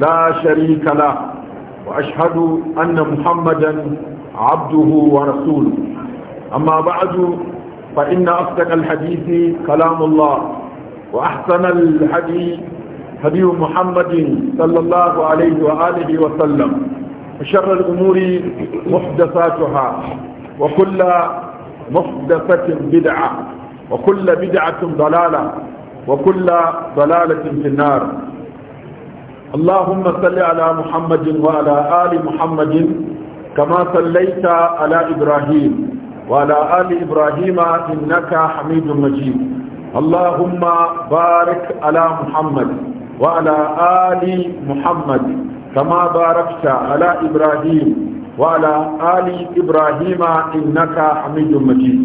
لا شريك له وأشهد أن محمدا عبده ورسوله أما بعد فإن أصدق الحديث كلام الله وأحسن الحديث هدي محمد صلى الله عليه وآله وسلم وشر الأمور محدثاتها وكل محدثة بدعة وكل بدعة ضلالة وكل ضلالة في النار اللهم صل على محمد وعلى آل محمد كما صليت على إبراهيم وعلى آل إبراهيم إنك حميد مجيد اللهم بارك على محمد وعلى آل محمد كما باركت على إبراهيم وعلى آل إبراهيم إنك حميد مجيد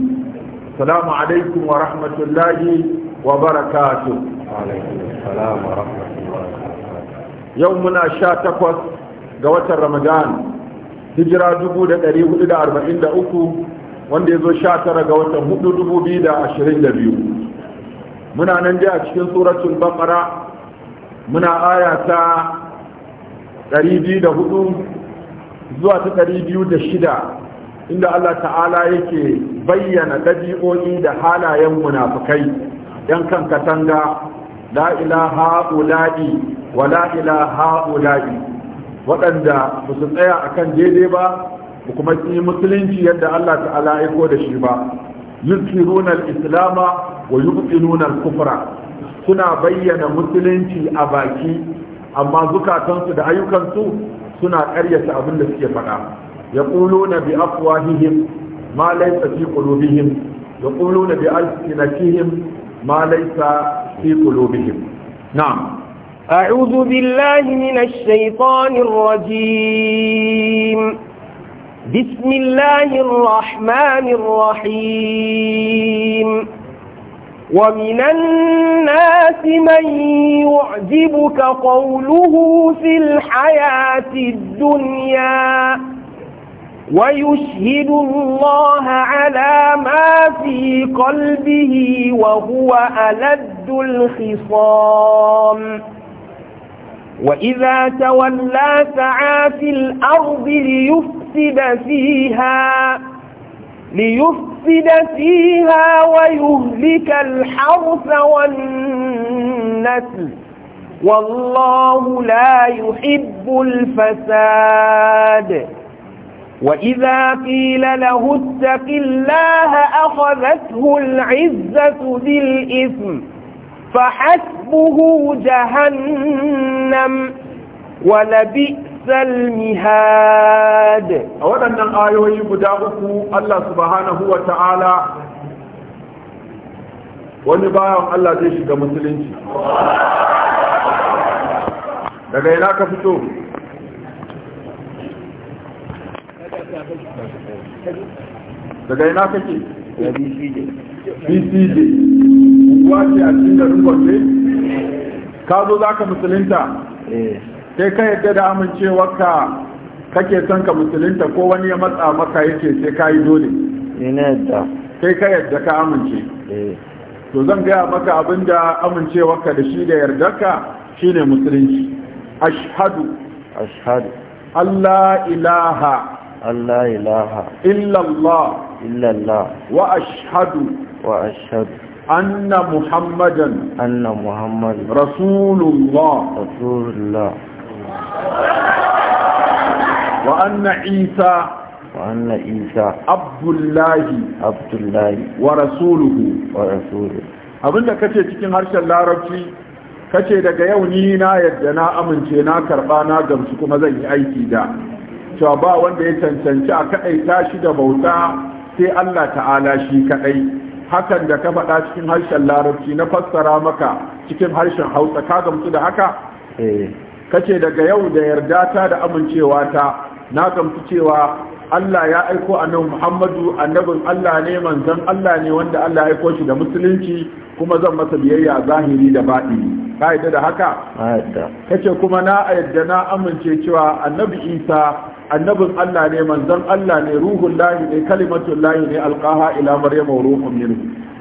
السلام عليكم ورحمة الله وبركاته وعليكم السلام ورحمة الله yau muna sha takwas ga watan ramadan hijira uku, wanda ya zo sha tara ga watan biyu. muna nan dai a cikin suratun baqara muna aya ta hudu zuwa ta shida, inda Allah ta'ala yake bayyana ɗabi'o'i da halayen munafukai yan kan katanga la ilaha ulaɗi wala ila ha'ula'i waɗanda ba su tsaya akan daidai ba ba kuma yi musulunci yadda Allah ta'ala aiko da shi ba yunkiruna islama wa yubtiluna kufra suna bayyana musulunci a baki amma zukatansu da ayyukansu suna ƙaryata abin da suke faɗa na bi afwahihim ma laysa fi qulubihim na bi alsinatihim ma laysa fi qulubihim na'am أعوذ بالله من الشيطان الرجيم بسم الله الرحمن الرحيم ومن الناس من يعجبك قوله في الحياة الدنيا ويشهد الله على ما في قلبه وهو ألد الخصام وإذا تولى سعى في الأرض ليفسد فيها ليفسد فيها ويهلك الحرث والنسل والله لا يحب الفساد وإذا قيل له اتق الله أخذته العزة بالإثم فحسب حسبه جهنم ولبئس المهاد waɗannan ayoyi guda uku Allah subhanahu wa ta'ala wani bayan Allah zai shiga musulunci daga ina ka fito daga ina kake bcj bcj kuwa a cikin garin ka zo za ka musulinta? Eh. sai ka yadda da ka kake son ka musulinta? ko wani ya matsa maka yake sai ka yi dole sai ka yadda ka amince eh. to zan gaya maka abin da ka da shi da yardarka shine musulunci ashhadu ashhadu Allah ilaha Allah ilaha illallah illallah wa ashhadu wa ashhadu Anna Muhammadan. Anna محمد رسول الله رسول الله وأن عيسى وأن عيسى عبد الله Wa rasuluhu. ورسوله ورسوله abinda kace cikin harshen larabci kace daga yau ni na yadda na amince na karba na gamsu kuma zan yi aiki da cewa ba wanda ya cancanci a kaɗai tashi da bauta sai Allah ta'ala shi kaɗai. hakan da ka faɗa cikin harshen larabci na fassara maka cikin harshen hausa ka gamsu da haka eh. kace daga yau da yarda ta da amincewa ta na gamsu cewa Allah ya aiko annabi Muhammadu annabin Allah ne manzon Allah ne wanda Allah ya aiko shi da musulunci kuma zan masa biyayya zahiri da baɗini ka da haka kace kuma na yadda na amince cewa annabi isa annabin allah ne manzon allah ne ruhun lahi ne kalimatun lahi ne alqaha ila wa ruhun minhu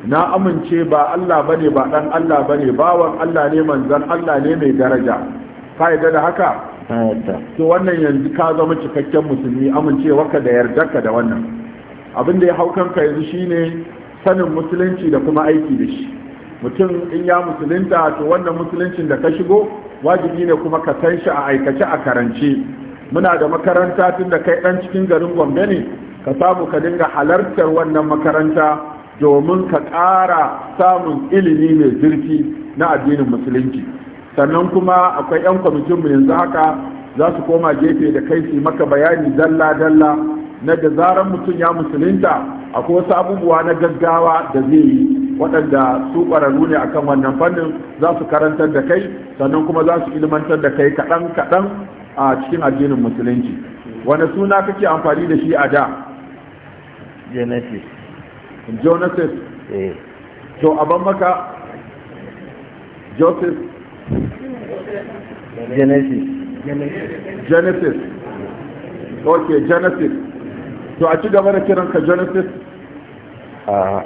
na amince ba allah bane ba dan allah bane bawan allah ne manzon allah ne mai daraja ka da haka to wannan yanzu ka zama cikakken musulmi amincewa ka da yarda ka da wannan abin da ya hau kanka yanzu shine sanin musulunci da kuma aiki da shi mutum in ya musulunta to wannan musuluncin da ka shigo wajibi ne kuma ka san shi a aikace a karance muna da makaranta tun da kai dan cikin garin gombe ne ka samu ka dinga halartar wannan makaranta domin ka ƙara samun ilimi mai zurfi na addinin musulunci sannan kuma akwai 'yan kwamitin mu yanzu haka za su koma gefe da kai su maka bayani dalla-dalla na da zarar mutum ya musulunta akwai wasu abubuwa na gaggawa da zai yi waɗanda su ƙwararru ne akan wannan fannin za su karantar da kai sannan kuma za su ilmantar da kai kaɗan kaɗan a cikin addinin musulunci wani suna kake amfani da shi a da genesis genesis eh. to aban maka joseph genesis genesis ok genesis to a ci gaba da kiranka genesis ah,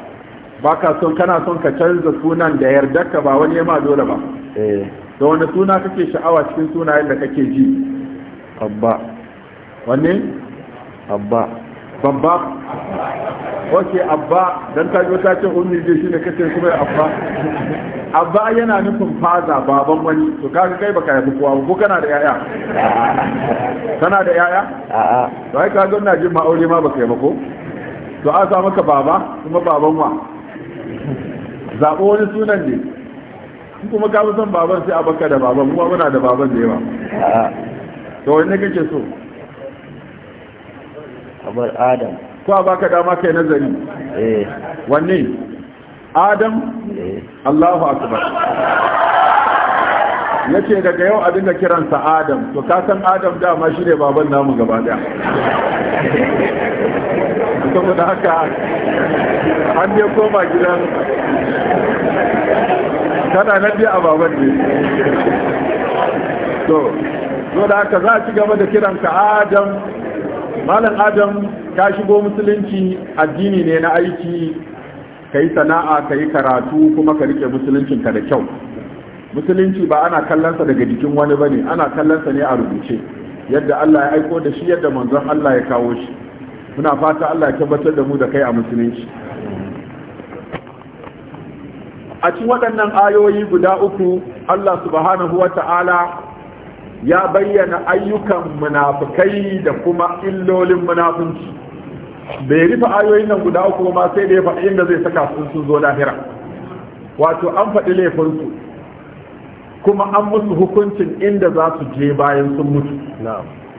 ba ka son kana son ka canza sunan da yardarka ba wani ma dole ba eh. da wani suna kake sha'awa cikin sunayen da kake ji abba wanne abba babba ok abba don ta ta ce ummi je shi ne kace kuma abba abba yana nufin faza baban wani to kaga kai baka yabi kowa ko kana da yaya kana da yaya a'a to ai kaga ina jin ma aure ma baka yabi ko to a sa maka baba kuma baban wa zaɓo wani sunan ne in kuma ka san baban sai a baka da baban kuma muna da baban da yawa to wanne kake so Abar adam ko a baka dama kai nazari eh wanne adam eh Allahu akbar yace daga yau a dinga kiransa adam to ka san adam dama shi ne baban namu gaba daya saboda haka an je koma gidan tana na biya a ne to so da haka za a ci gaba da kiranka adam malam adam ka shigo musulunci addini ne na aiki ka yi sana'a ka yi karatu kuma ka rike musuluncinka da kyau musulunci ba ana kallonsa daga jikin wani ba ne ana kallonsa ne a rubuce yadda allah ya aiko da shi yadda manzon allah ya kawo shi muna fata allah ya tabbatar da mu da kai a musulunci a cikin waɗannan ayoyi guda uku Allah subhanahu wa ta'ala ya bayyana ayyukan munafukai da kuma illolin munafunci bai rufe ayoyin nan guda uku ma sai da ya faɗi inda zai saka su sun zo lahira wato an faɗi laifinsu kuma an musu hukuncin inda za su je bayan sun mutu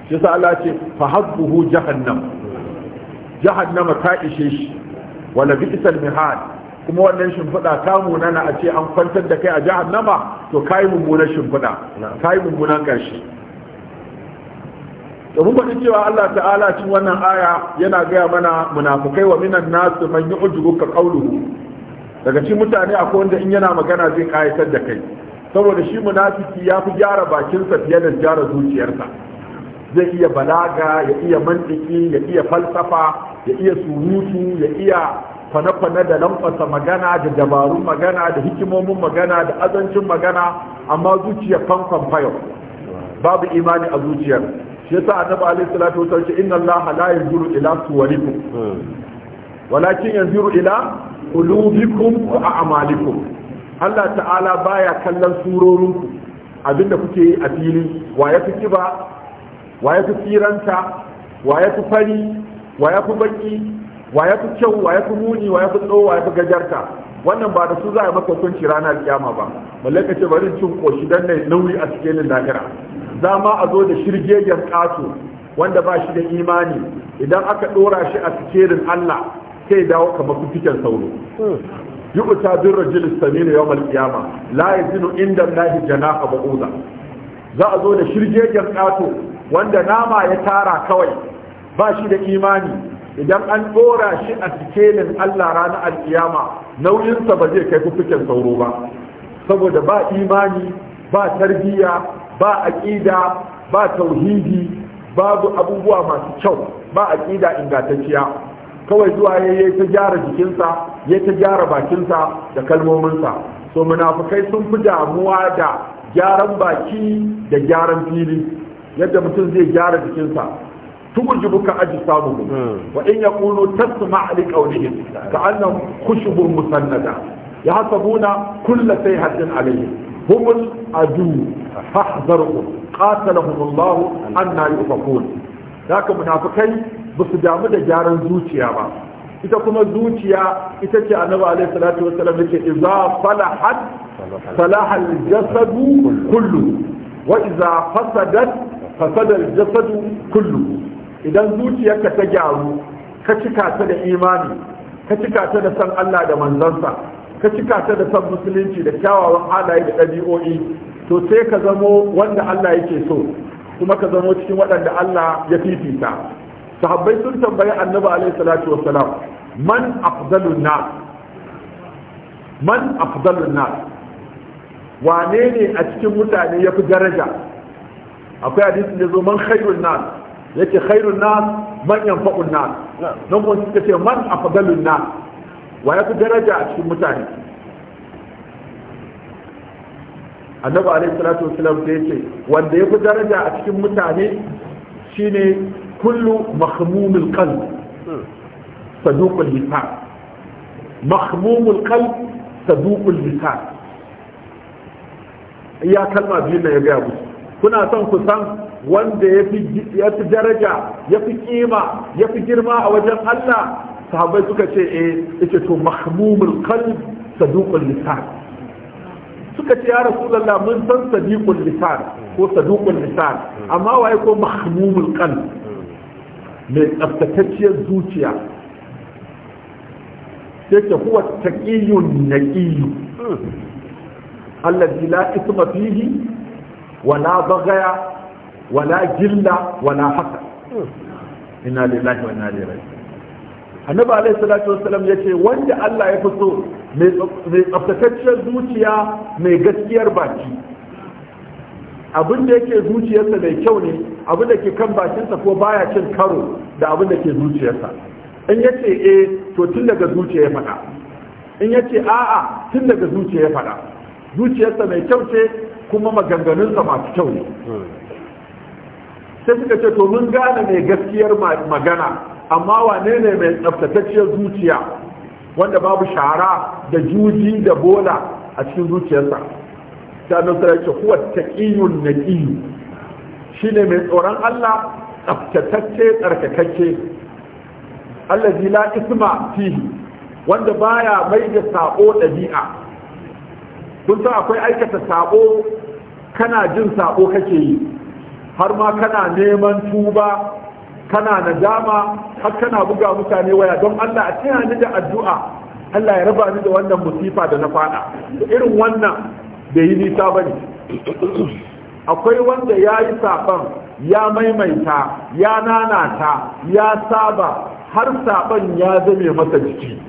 shi sa Allah ce fa hazbuhu jahannam jahannama ta ishe shi wala bi'sal mihad kuma wannan shimfiɗa ta munana a ce an kwantar da kai a jihar Nama, to kai mummunan shimfiɗa kai mummunan ƙarshe mun faɗi cewa Allah ta'ala cin wannan aya yana gaya mana munafukai wa minan nasu man yi ka qawluhu daga cikin mutane akwai wanda in yana magana zai kayatar da kai saboda shi munafiki ya fi gyara bakinsa fiye da gyara zuciyarsa zai iya balaga ya iya mantiki ya iya falsafa ya iya surutu ya iya kwane-kwane da lamfasa magana da dabarun magana da hikimomin magana da azancin magana amma zuciya fankon fayo babu imani a zuciyar shi yasa annabi alayhi salatu wasallam ce inna allaha la yanzuru ila suwarikum walakin yanzuru ila qulubikum wa a'malikum Allah ta'ala baya kallon ku abinda kuke yi a fili wa ya fi kiba wa ya fi firanta wa ya fi fari wa ya fi baki wa ya fi kyau wa ya fi muni wa ya fi tsawo wa ya fi gajarta wannan ba da su za a maka hukunci ranar kiyama ba mallaka ce bari cin koshi dan ne nauyi a cikin lahira za ma a zo da shirgegen kato wanda ba shi da imani idan aka dora shi a cikin Allah sai dawo kamar fitiken sauro yubuta bin rajul saminu yawmal kiyama la yazinu inda Allah janaha ba'uda za a zo da shirgegen kato wanda nama ya tara kawai ba shi da imani idan an dora shi a sikelin Allah ranar alkiyama nauyinsa ba zai kai fufuken sauro ba saboda ba imani ba tarbiyya ba aqida ba tauhidi babu abubuwa masu kyau ba aqida ingantacciya kawai zuwa yayi ta gyara jikinsa ya ta gyara bakinsa da kalmominsa so munafukai sun fi damuwa da gyaran baki da gyaran fili yadda mutum zai gyara jikinsa تمرجو أجسامهم وإن يقولوا تسمع لقولهم كأنهم خشب مسندة يعصبون كل سيهة عليهم هم الأدو فاحذرهم قاتلهم الله أنا يؤفقون ذاك منافقين بس دامد جارا يا رب إذا كما زوتيا إذا كي أنا عليه الصلاة والسلام إذا صلحت صلاح الجسد كله وإذا فسدت فسد الجسد كله idan zuciyarka ta gyaru ka cika ta da imani ka cika ta da san Allah da manzansa ka cika ta da san musulunci da kyawawan halaye da ɗabi'o'i to sai ka zamo wanda Allah yake so kuma ka zamo cikin waɗanda Allah ya fifita sahabbai sun tambayi annabi alaihi salatu wassalam man afdalun nas man afdalun nas wane ne a cikin mutane yafi daraja akwai hadisin da zo man khairun nas yace khairun nas manyan faɗin nas nan kuma suka ce man a afdalun nas wa fi daraja a cikin mutane Annabu Alayhi salatu wasallam da yake wanda ya fi daraja a cikin mutane shine kullu mahmumul qalb hmm. saduqul lisan mahmumul qalb saduqul lisan iya kalma biyu ne ya ga ku kuna son ku san wanda ya fi daraja ya fi kima ya fi girma a wajen Allah sahabai suka ce eh ita to mahmumul qalb saduqul lisan suka ce ya rasulullah mun san sadiqul lisan ko saduqul lisan amma waye ko mahmumul qalb mai tsaftatacciyar zuciya yake huwa taqiyun naqiyyu hmm. alladhi la ithma fihi wa la baghaya wala gilla wala haka inna lillahi wa inna ilaihi raji'un annabi alaihi salatu wassalam yace wanda Allah ya fi so mai tsaftataccen zuciya mai gaskiyar baki abin da yake zuciyarsa mai kyau ne abin da ke kan bakinsa ko baya cin karo da abin da ke zuciyarsa in yace eh to tun daga zuciya ya faɗa in yace a'a tun daga zuciya ya faɗa zuciyarsa mai kyau ce kuma maganganunsa masu kyau ne sai suka ce to mun gane mai gaskiyar magana amma wane ne mai tsaftatacciyar zuciya wanda babu shara da juji da bola a cikin zuciyarsa ta nusra ce na taqiyun shi shine mai tsoron Allah tsaftatacce tsarkakacce allazi la isma fihi wanda baya mai da sako ɗabi'a. kun san akwai aikata sako kana jin sako kake yi har ma kana neman tuba kana nadama har kana buga mutane waya don Allah a taya ni da addu'a Allah ya raba ni da wannan musifa da na fada irin wannan bai yi nisa bane akwai wanda ya yi saban ya maimaita ya nanata ya saba har saban ya zame masa jiki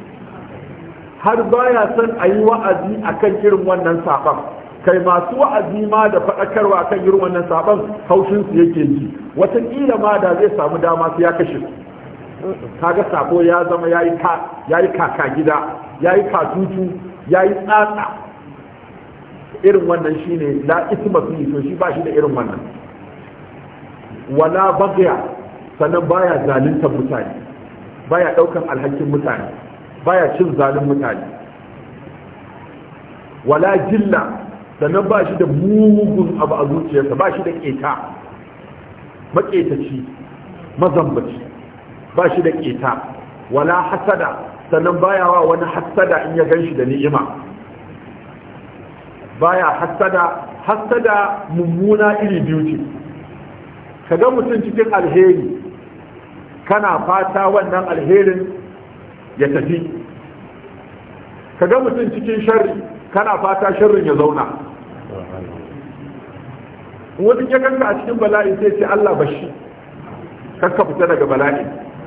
har baya son a yi wa'azi akan irin wannan saban kai masu wa'azi ma da faɗakarwa kan irin wannan sabon haushin su yake ji wataƙila ma da zai samu dama su ya kashe su. kaga sako ya zama ya yi kaka gida ya yi katutu ya yi tsatsa irin wannan shine la isma fi to shi ba shi da irin wannan wala bagya sannan baya zalunta mutane baya daukan alhakin mutane baya cin zalun mutane wala jilla sannan ba shi da mugun abu a zuciyarsa ba shi da keta maƙetaci mazambaci ba shi da keta wala hasada sannan baya wa wani hasada in ya gan shi da ni'ima baya hasada hasada mummuna iri biyu ce kaga mutum cikin alheri kana fata wannan alherin ya tafi kaga mutum cikin sharri kana fata sharrin ya zauna wani ya kanka a cikin bala'i sai ce Allah bashi kanka fita daga bala'i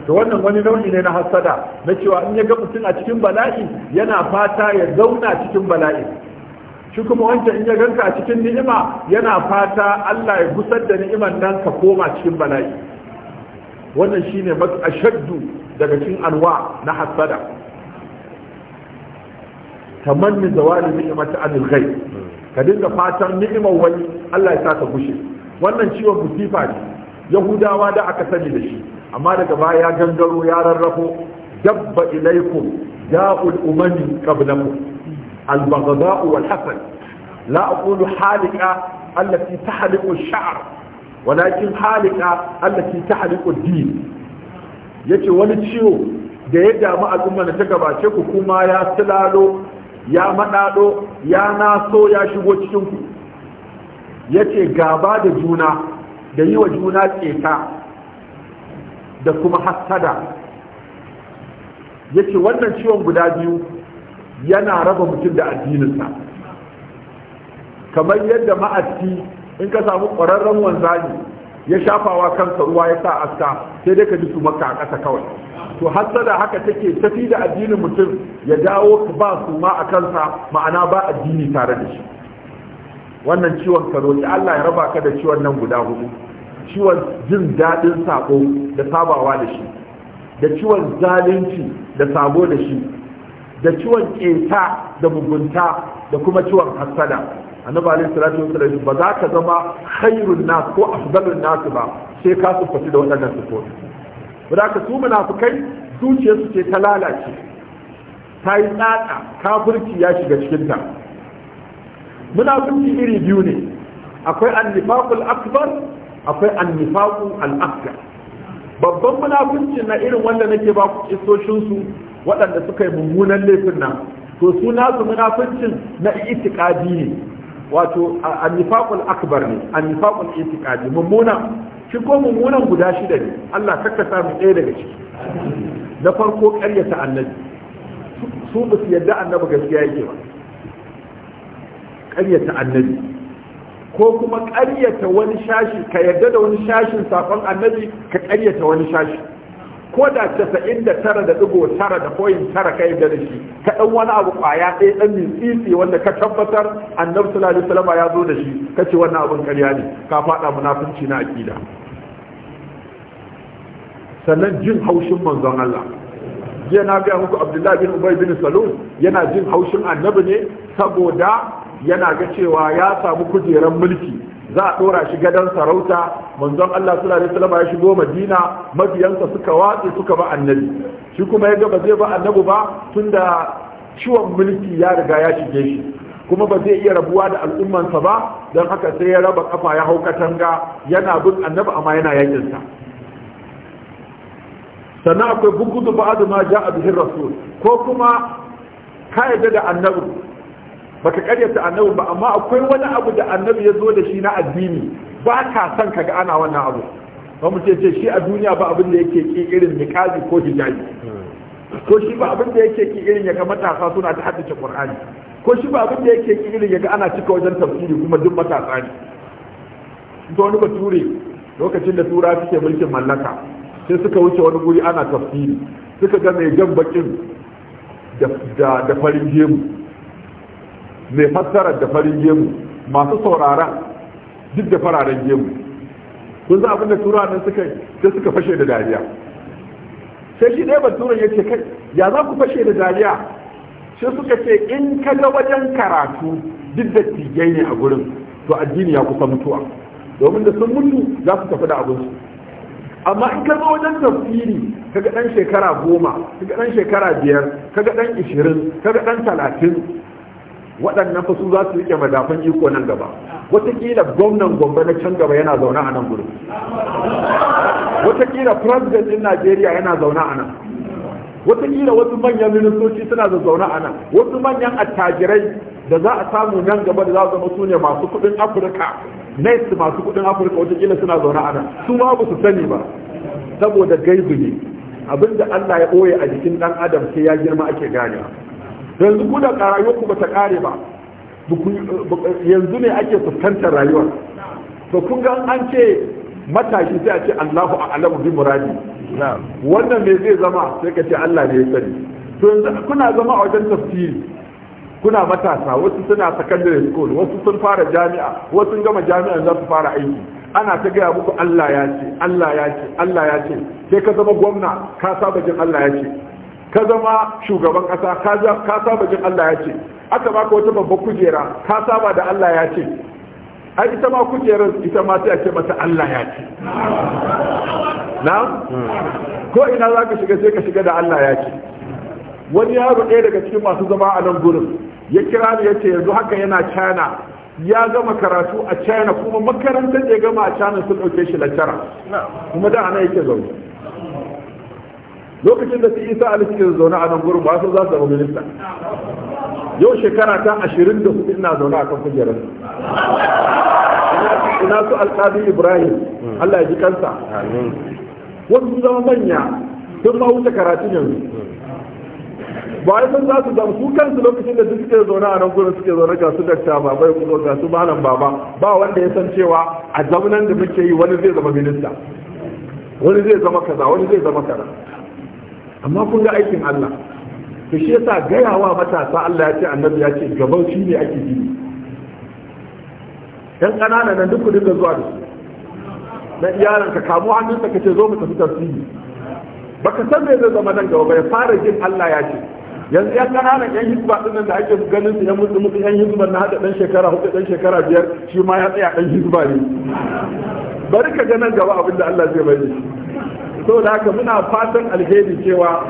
Da wannan wani nau'i ne na hasada na cewa in ya ga mutum a cikin bala'i yana fata ya zauna cikin bala'i shi kuma wancan in ya ganka a cikin ni'ima yana fata Allah ya gusar da ni'iman nan ka koma cikin bala'i wannan shine ashaddu daga cikin alwa na hasada tamanni zawali ni'mati anil ghaib ka dinga fatan ni'imar wani Allah ya saka gushe wannan ciwon musifa ne yahudawa da aka sani da shi amma daga baya ya gangaro ya rarrafo dabba ilaikum da'ul umami qablakum al-baghdha'u wal hasad la aqulu halika allati tahliqu ash-sha'r walakin halika allati tahliqu ad-din yace wani ciwo da ya damu al'umma da ta gabace ku kuma ya silalo ya maɗaɗo ya naso ya shigo cikinku ya ce gaba da juna da yi wa juna ƙeta da kuma hassada ya ce wannan ciwon guda biyu yana raba mutum da addininsa kamar yadda ma'atti in ka samu ƙwararren wanzani ya shafawa kansa ruwa ya sa aska sai dai ka ji su makka a ƙasa kawai to hassada haka take tafi da addinin mutum ya dawo ka ba su ma a kansa ma'ana ba addini tare da shi wannan ciwon ka Allah ya raba ka da ciwon nan guda hudu ciwon jin daɗin sako da sabawa da shi da ciwon zalunci da sabo da shi da ciwon ƙeta da mugunta da kuma ciwon hassada annabi alayhi salatu wasallam ba za ka zama khairun nas ko afdalun nas ba sai ka sufaci da waɗannan sifofi ba ka su munafikai su ce ta lalace ta yi tsada kafirci ya shiga cikin ta munafiki iri biyu ne akwai annifaqul akbar akwai annifaqul al akbar babban munafiki na irin wanda nake ba ku kisoshin su waɗanda suka yi mummunan laifin nan to su nasu munafincin na itikadi ne wato annifaqul akbar ne annifaqul itikadi mummuna shi ko mummunan guda shida ne Allah kakka sa mu ɗaya daga ciki na farko ƙaryata annabi su ba su yadda annabi gaskiya yake ba ƙaryata annabi ko kuma ƙaryata wani shashi ka yadda da wani shashin safon annabi ka ƙaryata wani shashi ko da casa'in da tara da ɗigo tara da koyin tara ka da shi ka ɗan wani abu ƙwaya ɗaya ɗan tsitsi wanda ka tabbatar annabi sallallahu alaihi wasallam ya zo da shi ka ce wannan abun ƙarya ne ka faɗa munafunci na aƙida sannan jin haushin manzon Allah jiya na ga muku Abdullahi bin Ubay bin Salul yana jin haushin annabi ne saboda yana ga cewa ya samu kujeran mulki za a ɗora shi gadon sarauta manzon Allah sallallahu alaihi wasallam ya shigo Madina mabiyansa suka watsi suka ba annabi shi kuma yaga ba zai ba annabi ba tunda ciwon mulki ya riga ya shige shi kuma ba zai iya rabuwa da al'ummansa ba don haka sai ya raba kafa ya hau katanga yana bin annabi amma yana yakin sa sannan akwai bugudu ba'd ma ja'a bihi rasul ko kuma ka da annabi baka karyata annabi ba amma akwai wani abu da annabi ya zo da shi na addini ba ka san kaga ana wannan abu ba mu ce shi a duniya ba abin da yake ki irin nikazi ko hijabi ko shi ba abin da yake ki irin ya ga matasa suna ta haddace qur'ani ko shi ba abin da yake ki irin ga ana cika wajen tafsiri kuma duk matasa ne to wani bature lokacin da tura suke mulkin mallaka sai suka wuce wani guri ana tafsiri suka ga mai jan bakin da farin gemu mai fassara da farin gemu masu sauraron duk da fararen gemu kun za abinda tura nan suka sai suka fashe da dariya sai shi ɗaya baturan ya ce kai ya za ku fashe da dariya shi suka ce in ka ga wajen karatu duk da tigai ne a gurin to addini ya kusa mutuwa domin da sun mutu za su tafi da abinsu amma in ka zo wajen tafsiri ga ɗan shekara goma ka ga ɗan shekara biyar ka ga ɗan ishirin ga ɗan talatin waɗannan fasu za su rike madafan iko nan gaba watakila gwamnan gombe na can gaba yana zaune a nan gudu watakila president din najeriya yana zaune a nan watakila wasu manyan ministoci suna da zaune a nan wasu manyan attajirai da za a samu nan gaba da za zama su ne masu kuɗin afirka next masu kuɗin afirka watakila suna zaune a nan su ma ba su sani ba saboda gaibu ne abinda allah ya ɓoye a jikin ɗan adam sai ya girma ake ganewa yanzu ku da rayuwar ku bata kare ba yanzu ne ake fuskantar rayuwar to kun ga an ce matashi sai a ce Allahu a'lamu bi muradi wannan me zai zama sai ka ce Allah ne ya sani to yanzu kuna zama a wajen tafsiri kuna matasa wasu suna secondary school wasu sun fara jami'a wasu sun gama jami'a za su fara aiki ana ta gaya muku Allah ya ce Allah ya ce Allah ya ce sai ka zama gwamna ka saba jin Allah ya ce ka zama shugaban ƙasa ka saba jin Allah ya ce aka baka wata babbar kujera ka saba da Allah ya ce a ita ma kujerar ita ma sai a ce mata Allah ya ce na ko ina za ka shiga sai ka shiga da Allah ya ce wani yaro ɗaya daga cikin masu zama a nan gurin ya kira ni ya ce yanzu haka yana china ya gama karatu a china kuma makarantar da ya gama a china sun ɗauke shi lantara. kuma da ana yake zaune lokacin da su isa ali suke zaune a nan gurin ba su za su zama minista yau shekara ta ashirin da hudu ina zaune a kan kujerar ina su alƙadi ibrahim allah ya ji kansa wasu zama manya sun ma wuce karatun yanzu ba ya san za su zama su kansu lokacin da suke zaune a nan gurin suke zaune ga su dakta baba bai kuma ga su malam baba ba wanda ya san cewa a zaunan da muke yi wani zai zama minista wani zai zama kaza wani zai zama kaza amma kun ga aikin Allah to shi yasa gayawa matasa Allah ya ce annabi ya ce gaban shi ne ake gini yan kanana nan duk dinga zuwa da su na iyalan ka kamo hannun ka ce zo mu tafi tafsiri baka san me zai zama nan gaba bai fara jin Allah ya ce yanzu yan ƙananan yan hizba din nan da ake ganin su yan mutu mutu yan hizba na hada dan shekara hudu dan shekara biyar shi ma ya tsaya dan hizba ne bari ka ga nan gaba abinda Allah zai bari saboda haka muna fatan alheri cewa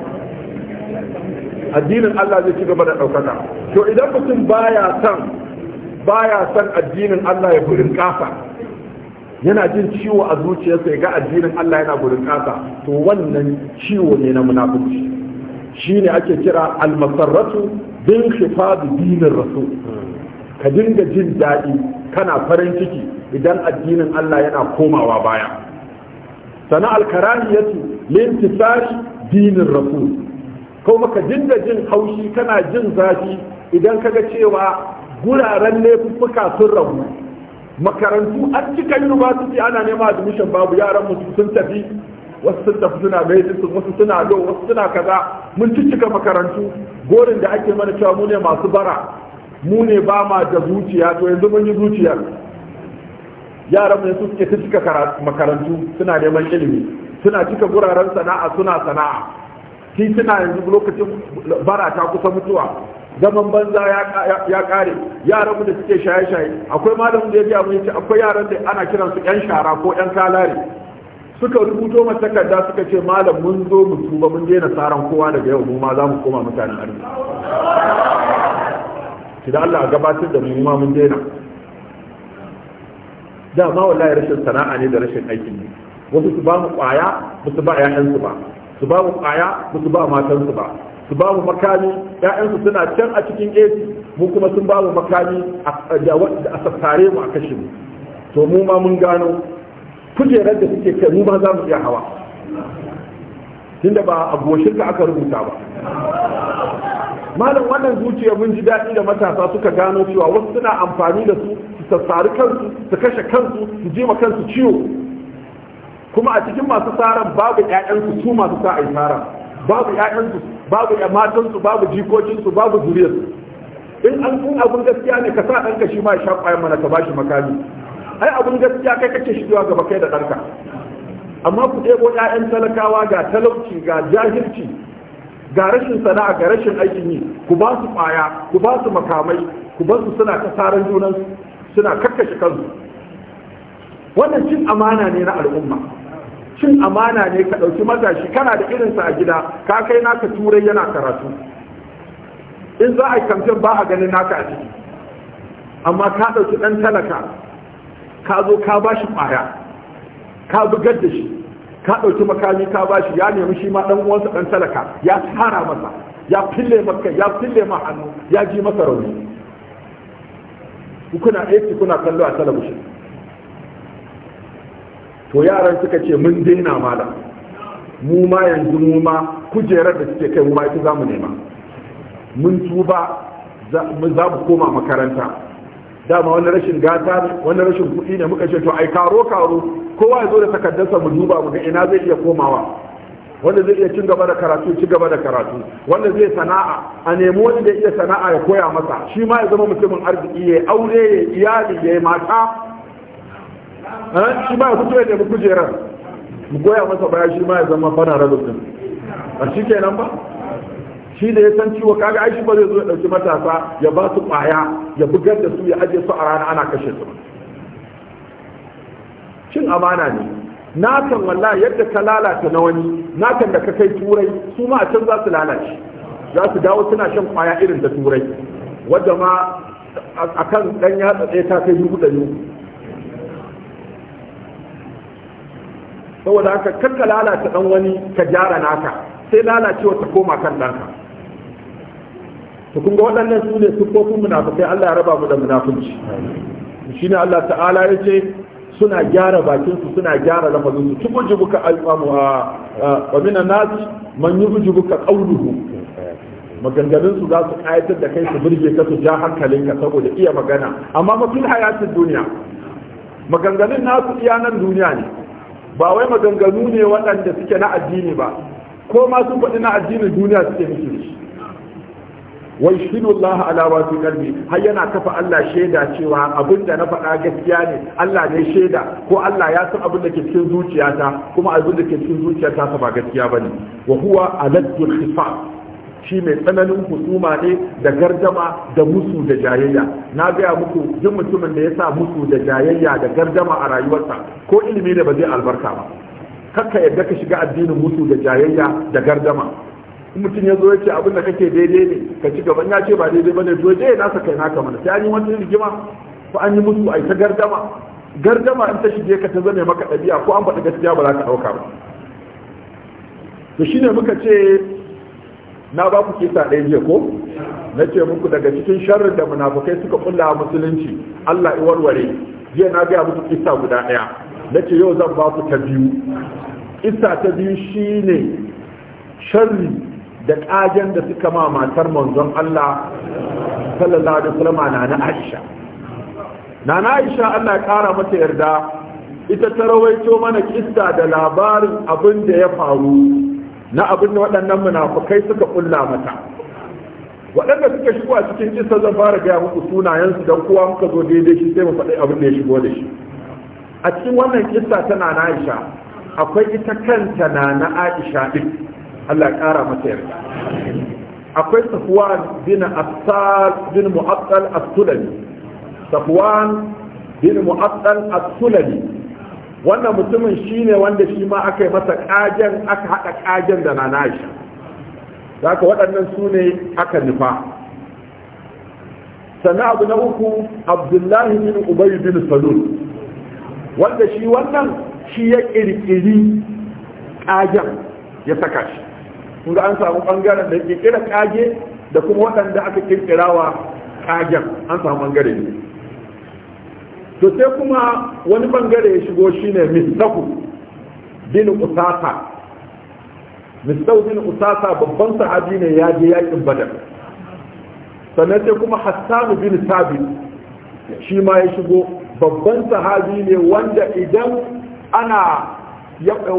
addinin Allah zai ci gaba da ɗaukaka to idan mutum baya son baya san addinin Allah ya gurin kasa yana jin ciwo a zuciyarsa ya ga addinin Allah yana gurin kasa to wannan ciwo ne na munafiki shine ake kira almasarratu bin khifadu dinin rasul ka dinga jin daɗi kana farin ciki idan addinin Allah yana komawa baya sana alkarahiyatu lintisari dinin rasul ko maka dinda jin haushi kana jin zafi idan kaga cewa guraren fuka sun rabu makarantu an cika university ana nema admission babu yaran mu sun tafi wasu sun tafi suna medicine wasu suna lo wasu suna kaza mun cika makarantu gorin da ake mana cewa mu ne masu bara mu ne ba ma da zuciya to yanzu mun yi zuciyar yaran mai suke ta cika makarantu suna neman ilimi suna cika guraren sana'a suna sana'a suna yanzu lokacin bara ta kusa mutuwa zaman banza ya kare yaran mu da suke shaye-shaye akwai malamin da ya biya mu yace akwai yaran da ana kiransu su yan shara ko yan kalare suka rubuto mata takarda suka ce malam mun zo mu tuba mun daina saran kowa daga yau mu ma za mu koma mutanen arziki da Allah gabatar da mu ma mun daina dama wallahi rashin sana'a ne da rashin aikin ne wasu su ba mu kwaya ba su ba ƴaƴansu ba su ba mu kwaya ba su ba matansu ba su ba mu makami ƴaƴansu suna can a cikin AC mu kuma sun ba mu makami a sassare mu a kashe mu to mu ma mun gano kujerar da suke kai mu ma za mu iya hawa tunda ba a goshin ka aka rubuta ba malam wannan zuciya mun ji daɗi da matasa suka gano cewa wasu suna amfani da su sassari kansu su kashe kansu su jima kansu ciwo kuma a cikin masu tsaron babu ƴaƴansu su masu sa a yi tsaron babu ƴaƴansu babu matansu babu jikokinsu babu zuriyarsu in an kun abin gaskiya ne ka sa ɗanka shi ma ya sha ƙwayar mana ka ba shi makami ai abin gaskiya kai kake shi zuwa gaba kai da ɗanka amma ku ɗebo 'ya'yan talakawa ga talauci ga jahilci ga rashin sana'a ga rashin aikin yi ku ba su ƙwaya ku ba su makamai ku ba su suna ta saran junansu suna kakkashe kansu wannan cin amana ne na al'umma cin amana ne ka ɗauki matashi kana da irinsa a gida ka kai naka turai yana karatu in za a yi kamfe ba a ganin naka a ciki amma ka ɗauki ɗan talaka ka zo ka ba shi ƙwaya ka bugar da shi ka ɗauki makami ka ba shi ya nemi shi ma ɗan uwansa ɗan talaka ya tara masa ya fille maka ya fille ma hannu ya ji masa rauni kuna aiki kuna kallo a talabishin to yaran suka ce mun daina malam mu ma yanzu mu ma kujerar da suke kai mu ma ita za mu nema mun tuba za mu koma makaranta dama wani rashin gata wani rashin kuɗi ne muka ce to ai karo karo kowa ya zo da takardarsa mu duba mu ga ina zai iya komawa wanda zai iya cin gaba da karatu ci gaba da karatu wanda zai sana'a a nemi wani da iya sana'a ya koya masa shi ma ya zama mutumin arziki ya aure ya iyali ya yi mata shi ma ya fito ya nemi kujerar mu koya masa baya shi ma ya zama bana rabin a shi kenan ba shi da ya san ciwo kaga aishi ba zai zo ya dauki matasa ya ba su kwaya ya bugar da su ya ajiye su a rana ana kashe su cin amana ne nakan wallahi yadda ka lalata na wani nakan da ka kai turai su ma a can za su lalace za su dawo suna shan kwaya irin da turai wadda ma a kan ɗan yatsa tsaye ta kai dubu ɗari saboda haka ka lalata ɗan wani ka gyara naka sai lalacewa ta koma kan ɗanka to ga waɗannan su ne kofin munafukai Allah ya raba mu da munafunci shine Allah ta'ala ya ce suna gyara bakinsu suna gyara lafazinsu tubujubu ka alfamu a wamina nazi man yubujubu ka qauluhu maganganun su za su ƙayatar da kai su burge ka su ja hankalinka saboda iya magana amma mafi hayatin duniya maganganun nasu iya nan duniya ne ba wai maganganu ne waɗanda suke na addini ba ko masu sun faɗi na addinin duniya suke miki wai shidu Allah ala wasi kalbi har yana kafa Allah shaida cewa abin da na faɗa gaskiya ne Allah ne shaida ko Allah ya san abin da ke cikin zuciyata kuma abin da ke cikin zuciyata ba gaskiya bane wa huwa aladdu khifa shi mai tsananin husuma ne da gardama da musu da jayayya na gaya muku duk mutumin da ya sa musu da jayayya da gardama a rayuwarsa ko ilimi ne ba zai albarka ba kakka yadda ka shiga addinin musu da jayayya da gardama mutum ya zo ya ce abin da kake daidai ne ka ci gaban ya ce ba daidai ba ne to je nasa kai naka mana sai an yi wani rigima ko an yi mutu ai ta gardama gardama in ta shige ka ta zame maka ɗabi'a ko an faɗi gaskiya ba za ka ɗauka ba to shine muka ce na ba ku kisa ɗaya jiya ko na ce muku daga cikin sharrin da munafukai suka kulla musulunci Allah i warware jiya na gaya muku kisa guda ɗaya na ce yau zan ba ku ta biyu kisa ta biyu shine sharri da ƙagen da suka ma matar manzon Allah sallallahu alaihi wasallam na na Aisha na na Aisha Allah ya ƙara mata yarda ita ta rawaito mana kissa da labarin abin da ya faru na abin da waɗannan munafukai suka kulla mata waɗanda suka shigo a cikin kissa zan fara gaya muku sunayensu dan kowa muka zo daidai shi sai mu faɗi abin da ya shigo da shi a cikin wannan kissa ta na Aisha akwai ita kanta na na Aisha din Allah ƙara masa yarda akwai safwan bin afsal bin as-sulami safwan bin as-sulami wannan mutumin shine wanda shi ma aka yi masa kajen aka haɗa ƙagen da nanashi zaka waɗannan su ne aka nufa sannan abu na uku abdullahi bin ubayi bin salul wanda shi wannan shi ya ƙirƙiri kajen ya saka shi kun ga an samu bangaren da ke kira kage da kuma waɗanda aka kirkirawa kagen an samu bangare ne to sai kuma wani bangare ya shigo shi ne mistaku bin usasa mistaku bin usasa babban sahabi ne ya je yakin badar sannan sai kuma hassanu bin sabit shi ma ya shigo babban sahabi ne wanda idan ana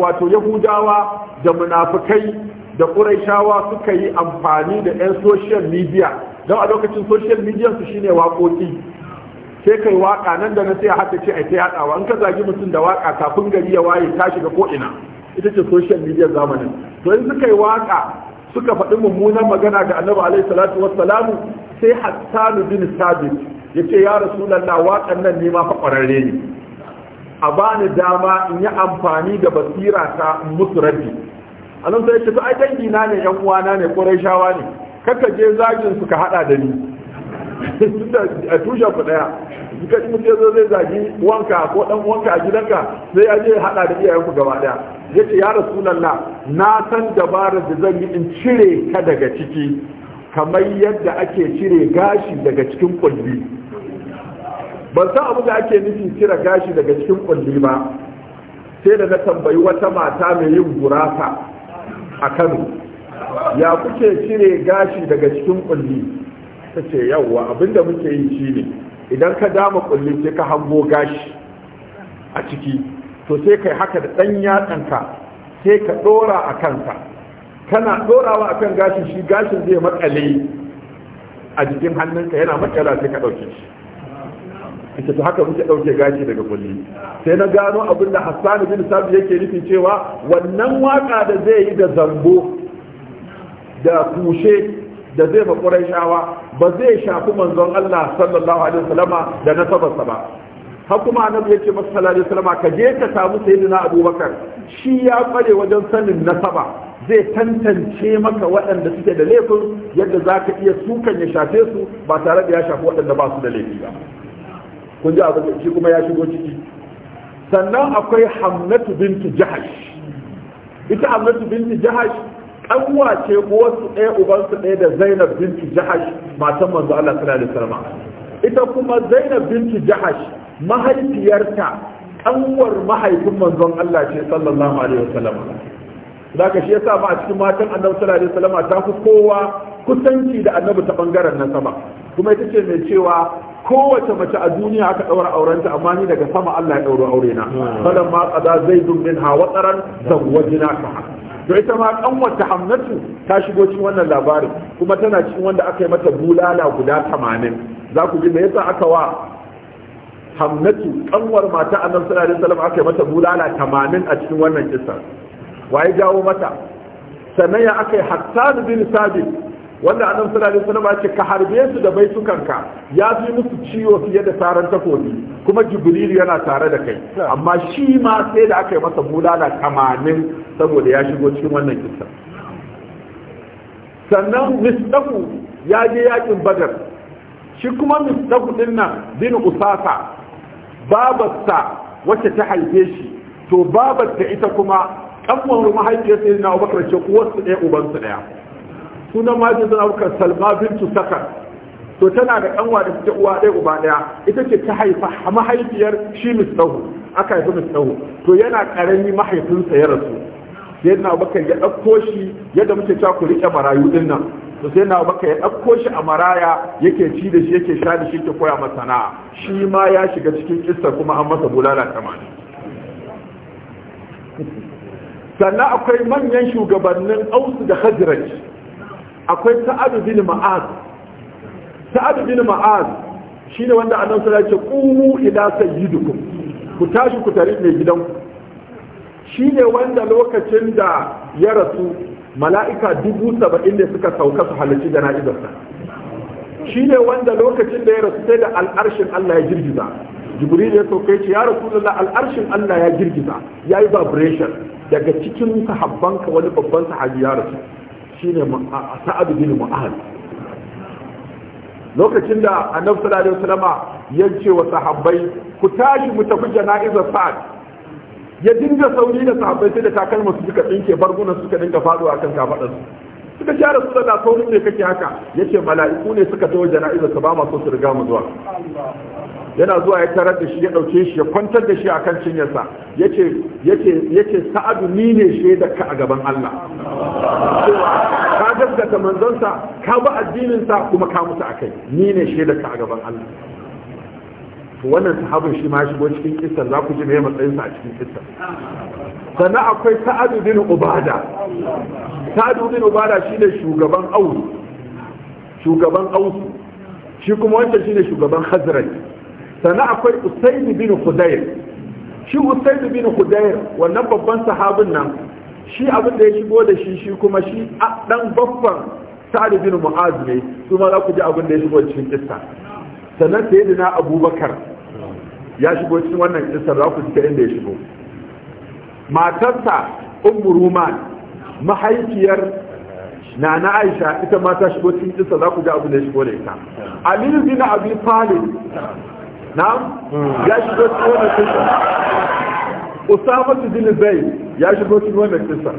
wato yahudawa da munafukai da ƙuraishawa suka yi amfani da 'yan social media don a lokacin social media su shine waƙoƙi sai kai waƙa nan da na sai haka ce a ta yaɗawa in ka zagi mutum da waƙa kafin gari ya waye ta shiga ko'ina. ita ce social media zamanin to in suka yi waƙa suka faɗi mummunan magana ga annabi alaihi salatu wassalamu sai hassanu bin sabit ya ce ya rasulallah waƙan nan ne ma fa ƙwararre ne a bani dama in yi amfani da basira ta musu rabbi. anan sai ce to ai dangi na ne yan na ne shawa ne kaka je zagin ka hada da ni a tushen ku daya ka ci mutum zo zai zagi wanka ko dan wanka a gidanka sai ya je hada da iyayen ku gaba daya yace ya rasulullah na san dabarar da zan yi in cire ka daga ciki kamar yadda ake cire gashi daga cikin kulli ban san abu da ake nufi cire gashi daga cikin kulli ba sai da na tambayi wata mata mai yin gurasa a kano ya kuke cire gashi daga cikin kulli ta ce yawwa abinda muke yi ne. idan ka dama kulli sai ka hango gashi a ciki to sai kai haka da ɗan yatsanka sai ka ɗora a kanka kana ɗorawa a kan gashi, shi gashin zai matsale a jikin hannunka yana matsala sai ka ɗauke shi ita ta haka muke ɗauke gashi daga kulli sai na gano abin da hassan bin sabi yake nufin cewa wannan waka da zai yi da zambo da kushe da zai ba shawa ba zai shafi manzon Allah sallallahu alaihi wasallama da nasabarsa ba har kuma annabi ya ce masa sallallahu alaihi wasallama ka je ka samu sayyidina Abubakar shi ya kware wajen sanin nasaba zai tantance maka waɗanda suke da laifin yadda za ka iya sukan ya shafe su ba tare da ya shafi waɗanda ba su da laifi ba kun ji abin shi kuma ya shigo ciki sannan akwai hamnatu bintu jahash ita hamnatu bintu jahash an wace uwarsu ɗaya ubansu ɗaya da zainab bintu jahash matan manzo Allah sallallahu alaihi wasallam ita kuma zainab bintu jahash mahaifiyarta kanwar mahaifin manzon Allah ce sallallahu alaihi wasallam zaka shi yasa ba a cikin matan annabi sallallahu alaihi wasallam ta fi kowa kusanci da annabi ta bangaren nasaba kuma ita ce mai cewa kowace mace a duniya aka daura aurenta amma ni daga sama Allah ya daura aure na falan ma qada zaidun ha wa taran ka. to ita ma wata hamnatu ta shigo cikin wannan labarin kuma tana cikin wanda aka yi mata bulala guda 80 za ku ji me yasa aka wa hamnatu kanwar mata annabi sallallahu alaihi wasallam aka yi mata bulala 80 a cikin wannan kissa waye jawo mata sanaya aka yi hatta bin sabit wanda annabi sallallahu alaihi wasallam ce ka harbe su da ka, ya fi musu ciwo fiye da taron takobi kuma jibril yana tare da kai amma shi ma sai da aka yi masa bulala kamanin saboda ya shigo cikin wannan kissa sannan misdaku ya je yakin badar shi kuma misdaku din nan bin usasa babarsa wacce ta haife shi to babarta ita kuma kan mahaifiyarsa na abubakar ce uwarsu ɗaya ubansu ɗaya sunan wajen suna bukar salma bintu sakar to tana da kanwa da ta uwa ɗaya uba ɗaya ita ce ta haifa mahaifiyar shi mistahu aka haifi mistahu to yana ƙarami mahaifinsa ya rasu sai na baka ya ɗauko shi yadda muke cewa ku riƙe marayu ɗin nan to sai na baka ya ɗauko shi a maraya yake ci da shi yake sha da shi ke koya masa sana'a shi ma ya shiga cikin kissa kuma an masa bulala tamanin sannan akwai manyan shugabannin ausu da hajjiraj akwai sa'adu bin ma'az sa'adu bin ma'az shine wanda annabi sallallahu alaihi wasallam ya ce qumu ila sayyidikum ku tashi ku tare mai gidanku shine wanda lokacin da ya rasu mala'ika dubu saba'in ne suka sauka su halarci jana'izarsa shi ne wanda lokacin da ya rasu sai da al'arshin Allah ya girgiza jibril ya sauka ce ya rasu da al'arshin Allah ya girgiza ya yi vibration daga cikin sahabbanka wani babban sahabi ya rasu shine sa'ad bin mu'ahad lokacin da annabi sallallahu alaihi wasallama ya ce wa sahabbai ku tashi mu tafi jana'izar sa'ad ya dinga sauri da sahabbai sai da takalma su suka tsinke barguna suka dinga faduwa akan kafadar su suka sha rasu da saurin ne kake haka yace mala'iku ne suka zo jana'izar sa ba ma so su riga mu zuwa yana zuwa ya tarar da shi ya ɗauke shi ya kwantar da shi akan cinyarsa yace yace yace sa'adu ni ne ka a gaban Allah ka gaskata manzonsa ka ba addininsa, kuma ka mutu kai, ni ne ka a gaban Allah wannan sahabin shi ma shigo cikin kisan za ku ji me matsayin sa a cikin kisan. sannan akwai sa'adu bin ubada sa'adu bin ubada shine shugaban aus shugaban aus shi kuma wancan shine shugaban khazraj sannan akwai usaini bin hudayr shi usaini bin hudayr wannan babban sahabin nan shi abin da ya shigo da shi shi kuma shi dan babban sa'ad bin mu'az ne kuma za ku ji abin da ya shigo cikin kissa sannan sayyidina abubakar ya shigo cikin wannan kissa za ku ji ta inda ya shigo matarsa ummu ruman mahaifiyar Nana aisha ita ma ta shigo cikin kissa za ku ji abin da ya shigo da ita aliyu bin abi talib na'am hmm. ya shigo cikin wannan kisa usama bin zaid ya shigo cikin wannan kisa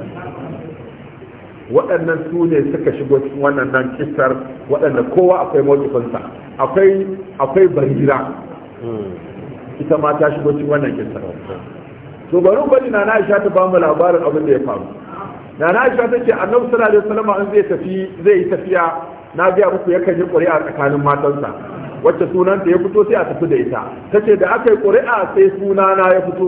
waɗannan su ne suka shigo cikin wannan nan kisar waɗanda kowa akwai mawukifinsa akwai akwai barira hmm. ita ma ta shigo cikin wannan kisar to bari bari na na aisha ta ba mu labarin abin da ya faru na na aisha ta ce annabi sallallahu alaihi wasallam an zai tafi zai yi tafiya na biya muku yakan yi ƙuri'a tsakanin matansa wacce sunanta ya fito sai a tafi da ita ta ce da aka yi ƙuri'a sai sunana ya fito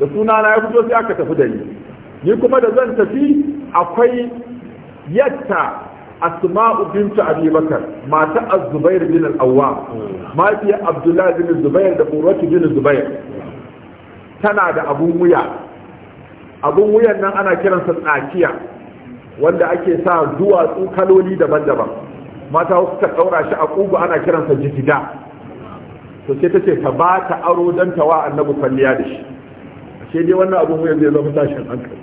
da sunana ya fito sai aka tafi da ni ni kuma da zan tafi akwai yatta asma'u bintu abi bakar mata az-zubair bin al-awwam mafiya abdullah bin zubair da urwatu bin zubair tana da abun wuya abun wuyan nan ana kiransa tsakiya wanda ake sa duwatsu kaloli daban-daban mata wasu ta ɗaura shi a ƙugu ana kiransa jifida to sai ta ce ta ba ta aro don ta wa annabu kwalliya da shi Ashe dai wannan abin wuyan zai zama tashin hankali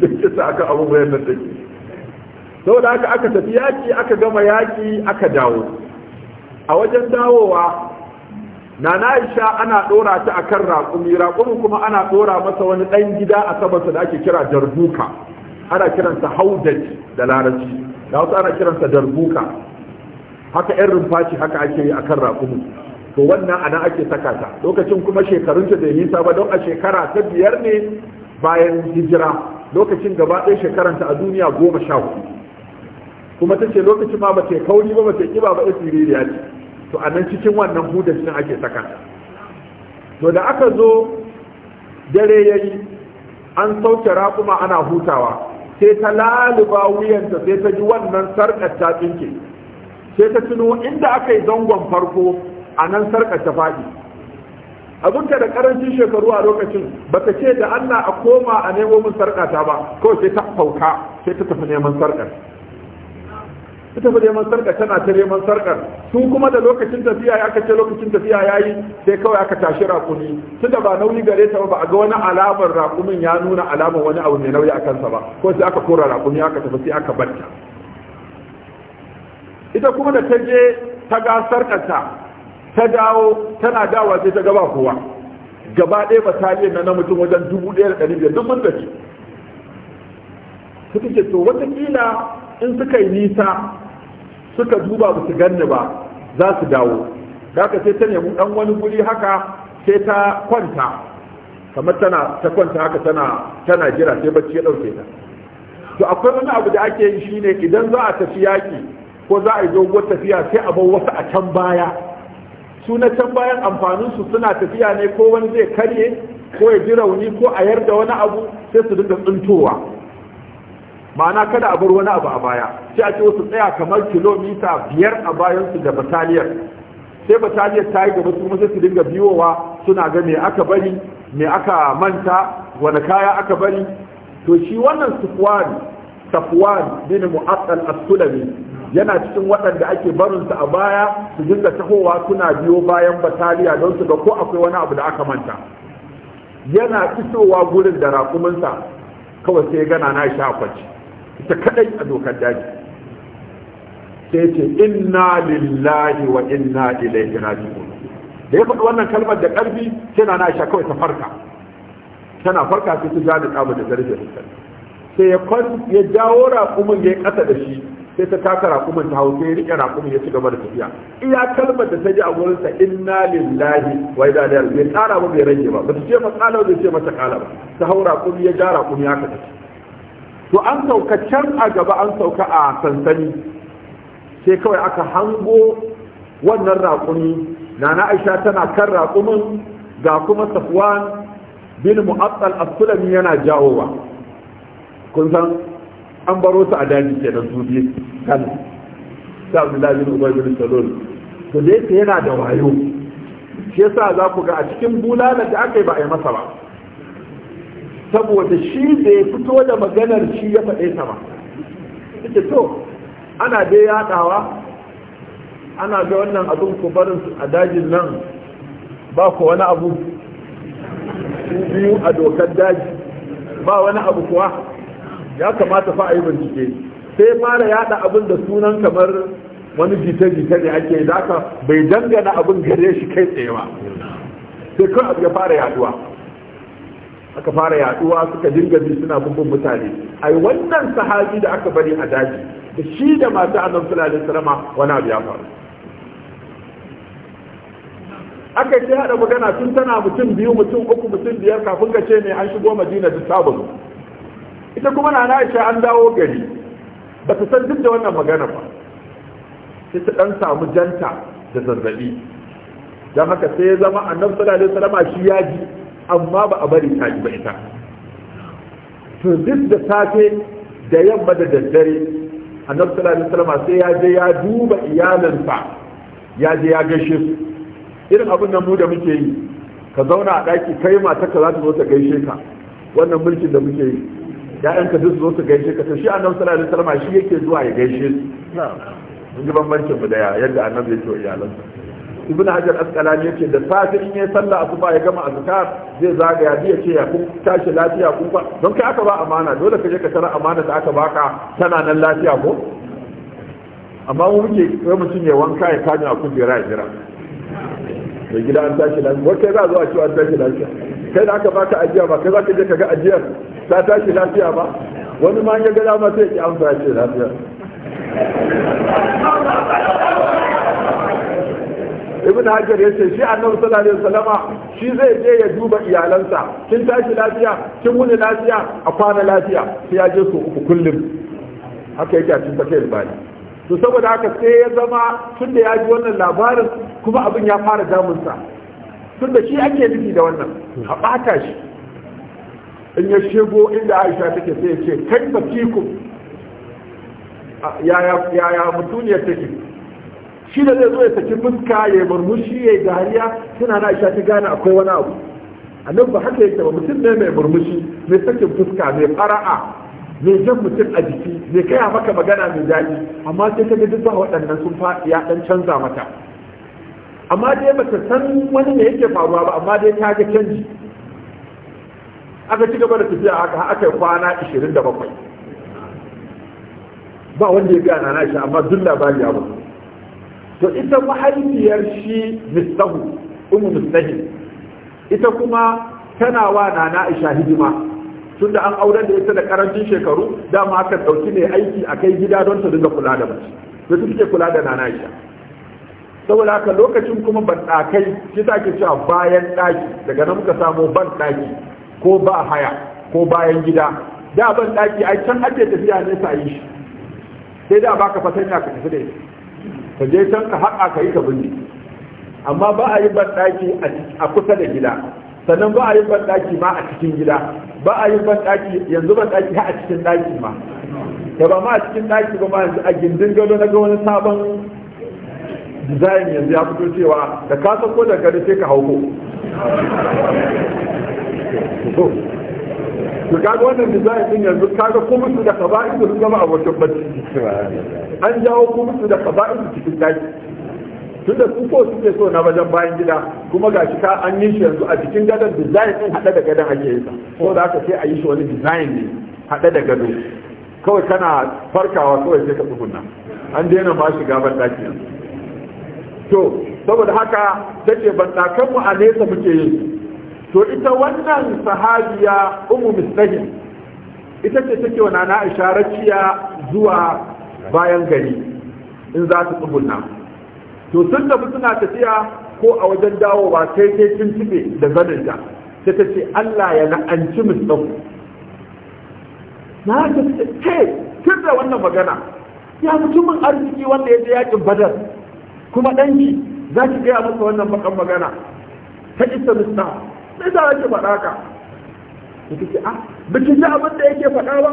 duk kisa aka abin wuyan nan take saboda haka aka tafi yaƙi aka gama yaƙi aka dawo a wajen dawowa na Aisha ana dora ta a kan raƙumi Raƙumi kuma ana ɗora masa wani ɗan gida a sabansa da ake kira jarduka ana kiransa haudaji da larabci da wasu ana kiransa darbuka haka yan rumfaci haka ake yi a kan rakumi to wannan ana ake saka ta lokacin kuma shekarunta da nisa ba don a shekara ta biyar ne bayan hijira lokacin gaba ɗaya shekaranta a duniya goma sha hudu kuma ta ce lokacin ma ba ta kauri ba ba ta ƙiba ba ya siririya ce to a nan cikin wannan hudar cikin ake saka ta to da aka zo dare ya yi an sauke raƙuma ana hutawa sai ta laluba wuyanta sai ta ji wannan sarƙar ta tsinke sai ta tuno inda aka yi zangon farko a nan sarƙar ta faɗi abinta da ƙarancin shekaru a lokacin ba ta ce da allah a koma a nemo min sarƙata ba kawai sai ta fauka sai ta tafi neman sarƙar ita fa neman sarka tana ta neman sarka tun kuma da lokacin tafiya ya kace lokacin tafiya yayi sai kawai aka tashi rakumi da ba nauyi gare ta ba a ga wani alamar rakumin ya nuna alamar wani abu mai nauyi akan sa ba ko sai aka kora rakumi aka tafi sai aka ta ita kuma da ta je ta ga sarkarta ta dawo tana dawa sai ta gaba kowa gaba ɗaya bataliyar na na mutum wajen dubu ɗaya da ɗari biyar duk mun tafi suka ce to watakila in suka yi nisa suka duba ba su ganni ba za su dawo daga sai ta nemi dan wani guri haka sai ta kwanta kamar tana ta kwanta haka tana tana jira sai bacci ya dauke ta to akwai wani abu da ake yi shine idan za a tafi yaki ko za a yi doguwar tafiya sai a bar wasu a can baya su na can bayan amfanin su suna tafiya ne ko wani zai karye ko ya ji rauni ko a yarda wani abu sai su dinga tsintowa ma'ana kada a bar wani abu a baya sai a ce wasu tsaya kamar kilomita biyar a bayansu da bataliyar sai bataliyar ta yi gaba su kuma su dinga biyowa suna ga me aka bari me aka manta wani kaya aka bari to shi wannan sufwan safwan bin mu'attal as-sulami yana cikin waɗanda ake barin su a baya su dinga tahowa suna biyo bayan bataliya don su ga ko akwai wani abu da aka manta yana fitowa gurin da sa kawai sai gana na sha kwaci ita kadai a dokar daji sai ce inna lillahi wa inna ilaihi raji'un da ya faɗi wannan kalmar da ƙarfi sai na aisha kawai ta farka tana farka sai ta ja da da zarfe sai ya kwan ya jawo raƙumin ya yi ƙasa da shi sai ta taka raƙumin ta hau sai ya riƙe raƙumin ya ci gaba da tafiya iya kalmar da ta ji a gurinsa inna lillahi wa inna ilaihi bai tsara ba bai rage ba ba ta ce ba bai ce mata kala ba ta hau raƙumin, ya ja raƙumi ya tafi to an sauka can a gaba an sauka a sansani sai kawai aka hango wannan raƙumi nana aisha tana kan raƙumin ga kuma safwan bin mu'attal as-sulami yana jawowa kun san an baro su a daji kenan su biyu kan sa Abdullahi bin Ubay bin Salul to da yana da wayo shi yasa za ku ga a cikin bulalar da aka yi ba a yi masa ba saboda shi bai fito da maganar shi ya faɗe ta ba ita to ana dai yaɗawa ana ga wannan abin ku barin a dajin nan ba ku wani abu biyu a dokar daji ba wani abu kuwa ya kamata fa a yi bincike sai fara yaɗa abin da sunan kamar wani jita-jita ne ake da aka, bai dangana abin gare shi kai tsaye ba sai kawai abu ya fara yaduwa aka fara yaduwa suka dinga bi suna bubun mutane ai wannan sahabi da aka bari a daji da shi da masu annabi sallallahu alaihi wasallam wani abu ya faru aka ce hada magana tun tana mutum biyu mutum uku mutum biyar kafin ka ce ne an shigo madina da sabon ita kuma na na an dawo gari ba ta san duk da wannan magana ba sai ta dan samu janta da zazzabi dan haka sai ya zama annabi sallallahu alaihi wasallam shi ya ji amma ba a bari ta ba ita to duk da safe da yamma da daddare annabi sallallahu alaihi wasallam sai ya je ya duba iyalansa ya je ya gaishe su irin abin nan mu da muke yi ka zauna a daki kai mata ka za ta zo ta gaishe ka wannan mulkin da muke yi ya'yanka duk zo su gaishe ka to shi annabi sallallahu alaihi wasallam shi yake zuwa ya gaishe su mun ji bambancin mu da yadda annabi ce wa iyalansa ibn hajar asqalani yace da safe in yayi sallah asuba ya gama azkar zai zagaya bi yace ya kun tashi lafiya kun ba don kai aka ba amana dole ka je ka tara amana da aka baka tana nan lafiya ko amma mu muke kai mutum ya wanka ya kaji a kujera ya jira da gida an tashi lafiya wai kai za zo a ce an tashi lafiya kai da aka baka ajiya ba kai za ka je ka ga ajiyar ta tashi lafiya ba wani ma ya ga dama sai ya ki amsa ya ce lafiya ibn hajar ya ce shi annabi sallallahu alaihi wasallam shi zai je ya duba iyalansa kin tashi lafiya kin wuni lafiya a kwana lafiya sai ya je su uku kullum haka yake a cikin bakai bani to saboda haka sai ya zama tun da ya ji wannan labarin kuma abin ya fara damunsa tun da shi ake nufi da wannan a ɓata shi in ya shigo inda aisha take sai ya ce kai ba yaya mutuniyar take shi da zai zo ya saki fuska ya yi murmushi ya yi dariya suna na isha ta gane akwai wani abu annabi ba haka yake ba mutum ne mai murmushi mai sakin fuska mai fara'a mai jan mutum a jiki mai kaya maka magana mai daɗi amma sai ka ga duk ba waɗannan sun fa ya ɗan canza mata amma dai bata san wani ne yake faruwa ba amma dai ta ga canji aka ci gaba da tafiya haka aka kwana da bakwai. ba wanda ya gana na shi amma duk labari ya mutu to ita mahaifiyar shi mistahu umu mistahi ita kuma tana wa nana aisha hidima tunda an auren da ita da karancin shekaru dama aka ɗauki ne aiki a kai gida don ta dinga kula da mace da su suke kula da nana aisha saboda haka lokacin kuma ban ɗakai shi ta ke cewa bayan ɗaki daga nan muka samu ban ɗaki, ko ba haya ko bayan gida da ban ɗaki ai can ake tafiya ne sa yi shi sai da baka fatanya ka tafi da ita ka je can ka haƙa ka yi ka binne amma ba a yi banɗaki a kusa da gida sannan ba a yi banɗaki ma a cikin gida ba a yi banɗaki yanzu banɗaki ha a cikin ɗaki ma da ba ma a cikin ɗaki ba ma yanzu a gindin gado na ga wani sabon design yanzu ya fito cewa da ka ko da gado sai ka hauko su kaga wannan zai yi yanzu kaga ko musu da kaba'i sun zama abokin bacci an jawo ko musu da kaba'i cikin daki tun da ko suke so na wajen bayan gida kuma ga shi ka an yi shi yanzu a cikin gadon design ɗin haɗe da gadon ake yi ko da aka sai a yi shi wani design ne haɗe da gado kawai kana farkawa kawai sai ka tsuguna an daina ma shiga ban daki yanzu to saboda haka take bandakan mu a nesa muke yin to ita wannan sahabiya umu mislahi ita ce take wa nana isharaciya zuwa bayan gari in za ta tsubunna to sun tafi suna tafiya ko a wajen dawowa sai sai tuntube da zaninta ta ta ce Allah ya la'anci mislahu na ta ce tun da wannan magana ya mutumin arziki wanda ya je yakin badar kuma danki za ki gaya masa wannan makan magana ta isa mislahu sai ta ake faɗa ka ita ce ah, a biki ji abin da yake faɗa ba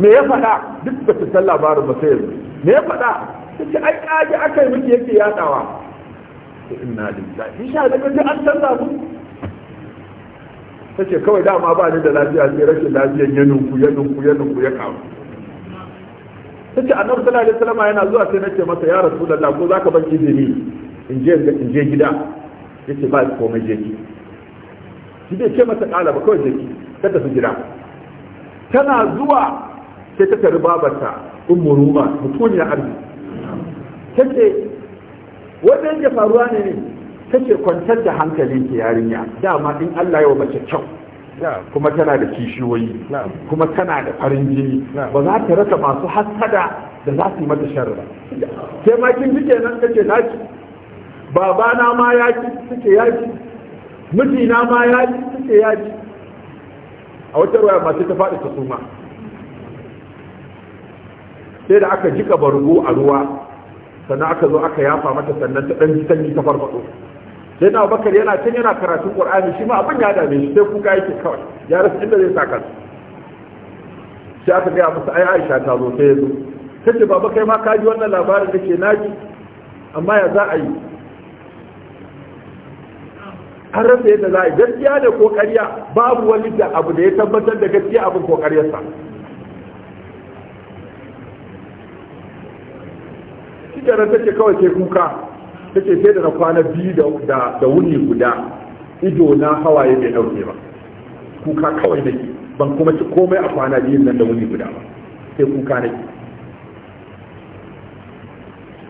me ya faɗa duk da ta san labarin ba sai yanzu me ya faɗa ta ce ai ƙage aka yi miki yake yaɗawa ta inna in sha da ji an san labu ta ce kawai dama ba ni da lafiya sai rashin lafiyan ya nunku ya nunku ya nunku ya kawo ta ce annabi sallallahu alaihi wasallam yana zuwa sai nace masa ya rasulullah ko zaka ban izini in je in je gida yake ba su komai jeki shi bai ce mata kala ba kawai jeki ta tafi gida tana zuwa sai ta tari babarta ummu ruma na arziki ta ce wanda yake faruwa ne ne ta ce kwantar da hankalin ki yarinya dama in Allah ya mace kyau kuma tana da kishiyoyi kuma tana da farin jini ba za ta rasa masu hasada da za su yi mata sharri ba sai ma kin nan kace na babana ma ya ci suke ya ci mijina ma ya ci suke ya ci a wata ruwa masu ta faɗi ta suma sai da aka jika bargo a ruwa sannan aka zo aka yafa mata sannan ta ɗan sanyi ta farfaɗo sai na bakar yana can yana karatun ƙur'ani shi ma abin ya dame shi sai kuka yake kawai ya rasu inda zai saka su. sai aka gaya musu ai aisha ta zo sai ya zo ta ce baba kai ma ka ji wannan labarin da ke naji amma ya za a yi an rasa yadda za a yi gaskiya da ko ƙarya babu wani da abu da ya tabbatar da gaskiya abin ko ƙaryarsa ta take kawai sai kuka take sai da na kwana biyu da wuni guda ido na hawaye bai ɗauke ba kuka kawai ke ban kuma ci komai a kwana biyun nan da wuni guda ba sai kuka nake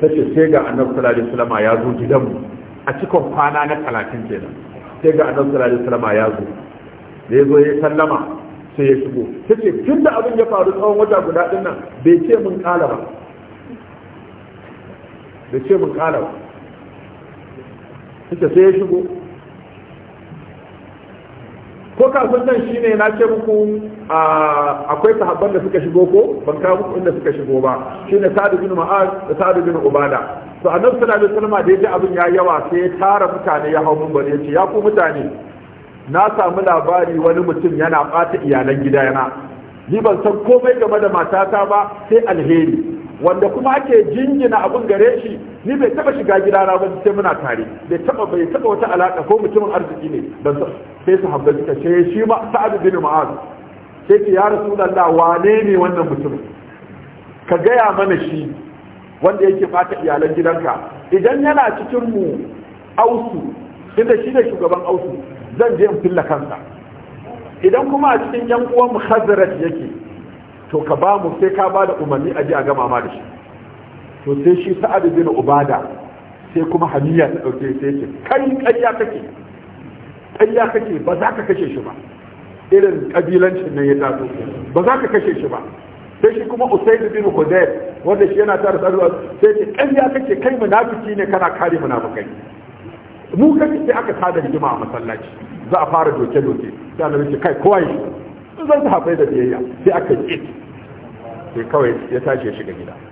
ta ce sai ga annabta sallallahu lama ya zo gidanmu a cikin kwana na talatin kenan sai ga annabi sallallahu alaihi wasallam ya zo da ya zo ya sallama sai ya shigo sai ce tun da abin ya faru tsawon wata guda din nan bai ce mun kala ba bai ce mun kala ba sai ya shigo ko kafin nan shine na ce muku akwai sahabban da suka shigo ko ban kawo muku inda suka shigo ba shine sa'ad bin ma'az da sa'ad bin ubada to annabi sallallahu alaihi wasallam da yaji abin ya yawa sai ya tara mutane ya hau minbari ya ce ya ku mutane na samu labari wani mutum yana bata iyalan gida yana ni ban san komai game da matata ba sai alheri wanda kuma ake jingina abin gare shi ni bai taba shiga gida na ba sai muna tare bai taba bai taba wata alaka ko mutumin arziki ne ban sai su habba suka ce eh, shi ma sa'ad bin mu'az sai ya rasulullahi wane ne wannan mutum ka gaya mana shi wanda yake bata iyalan gidanka idan yana cikin mu ausu inda shi ne shugaban ausu zan je in filla kansa idan kuma a cikin yan uwan mu yake to ka ba mu sai ka ba da umarni a ji a gama ma da shi to sai shi sa'ad bin ubada sai kuma hamiya ta dauke sai ce kai ƙarya kake ƙarya kake ba za ka kashe shi ba irin kabilancin nan ya taso ba za ka kashe shi ba sai shi kuma da bin hudayr wanda shi yana tara da sai ce kan ya kake kai munafiki ne kana kare munafikai mu kan ce aka tada rigima a masallaci za a fara doke doke sai annabi ce kai kowa yi zan ta hafai da biyayya sai aka yi sai kawai ya tashi ya shiga gida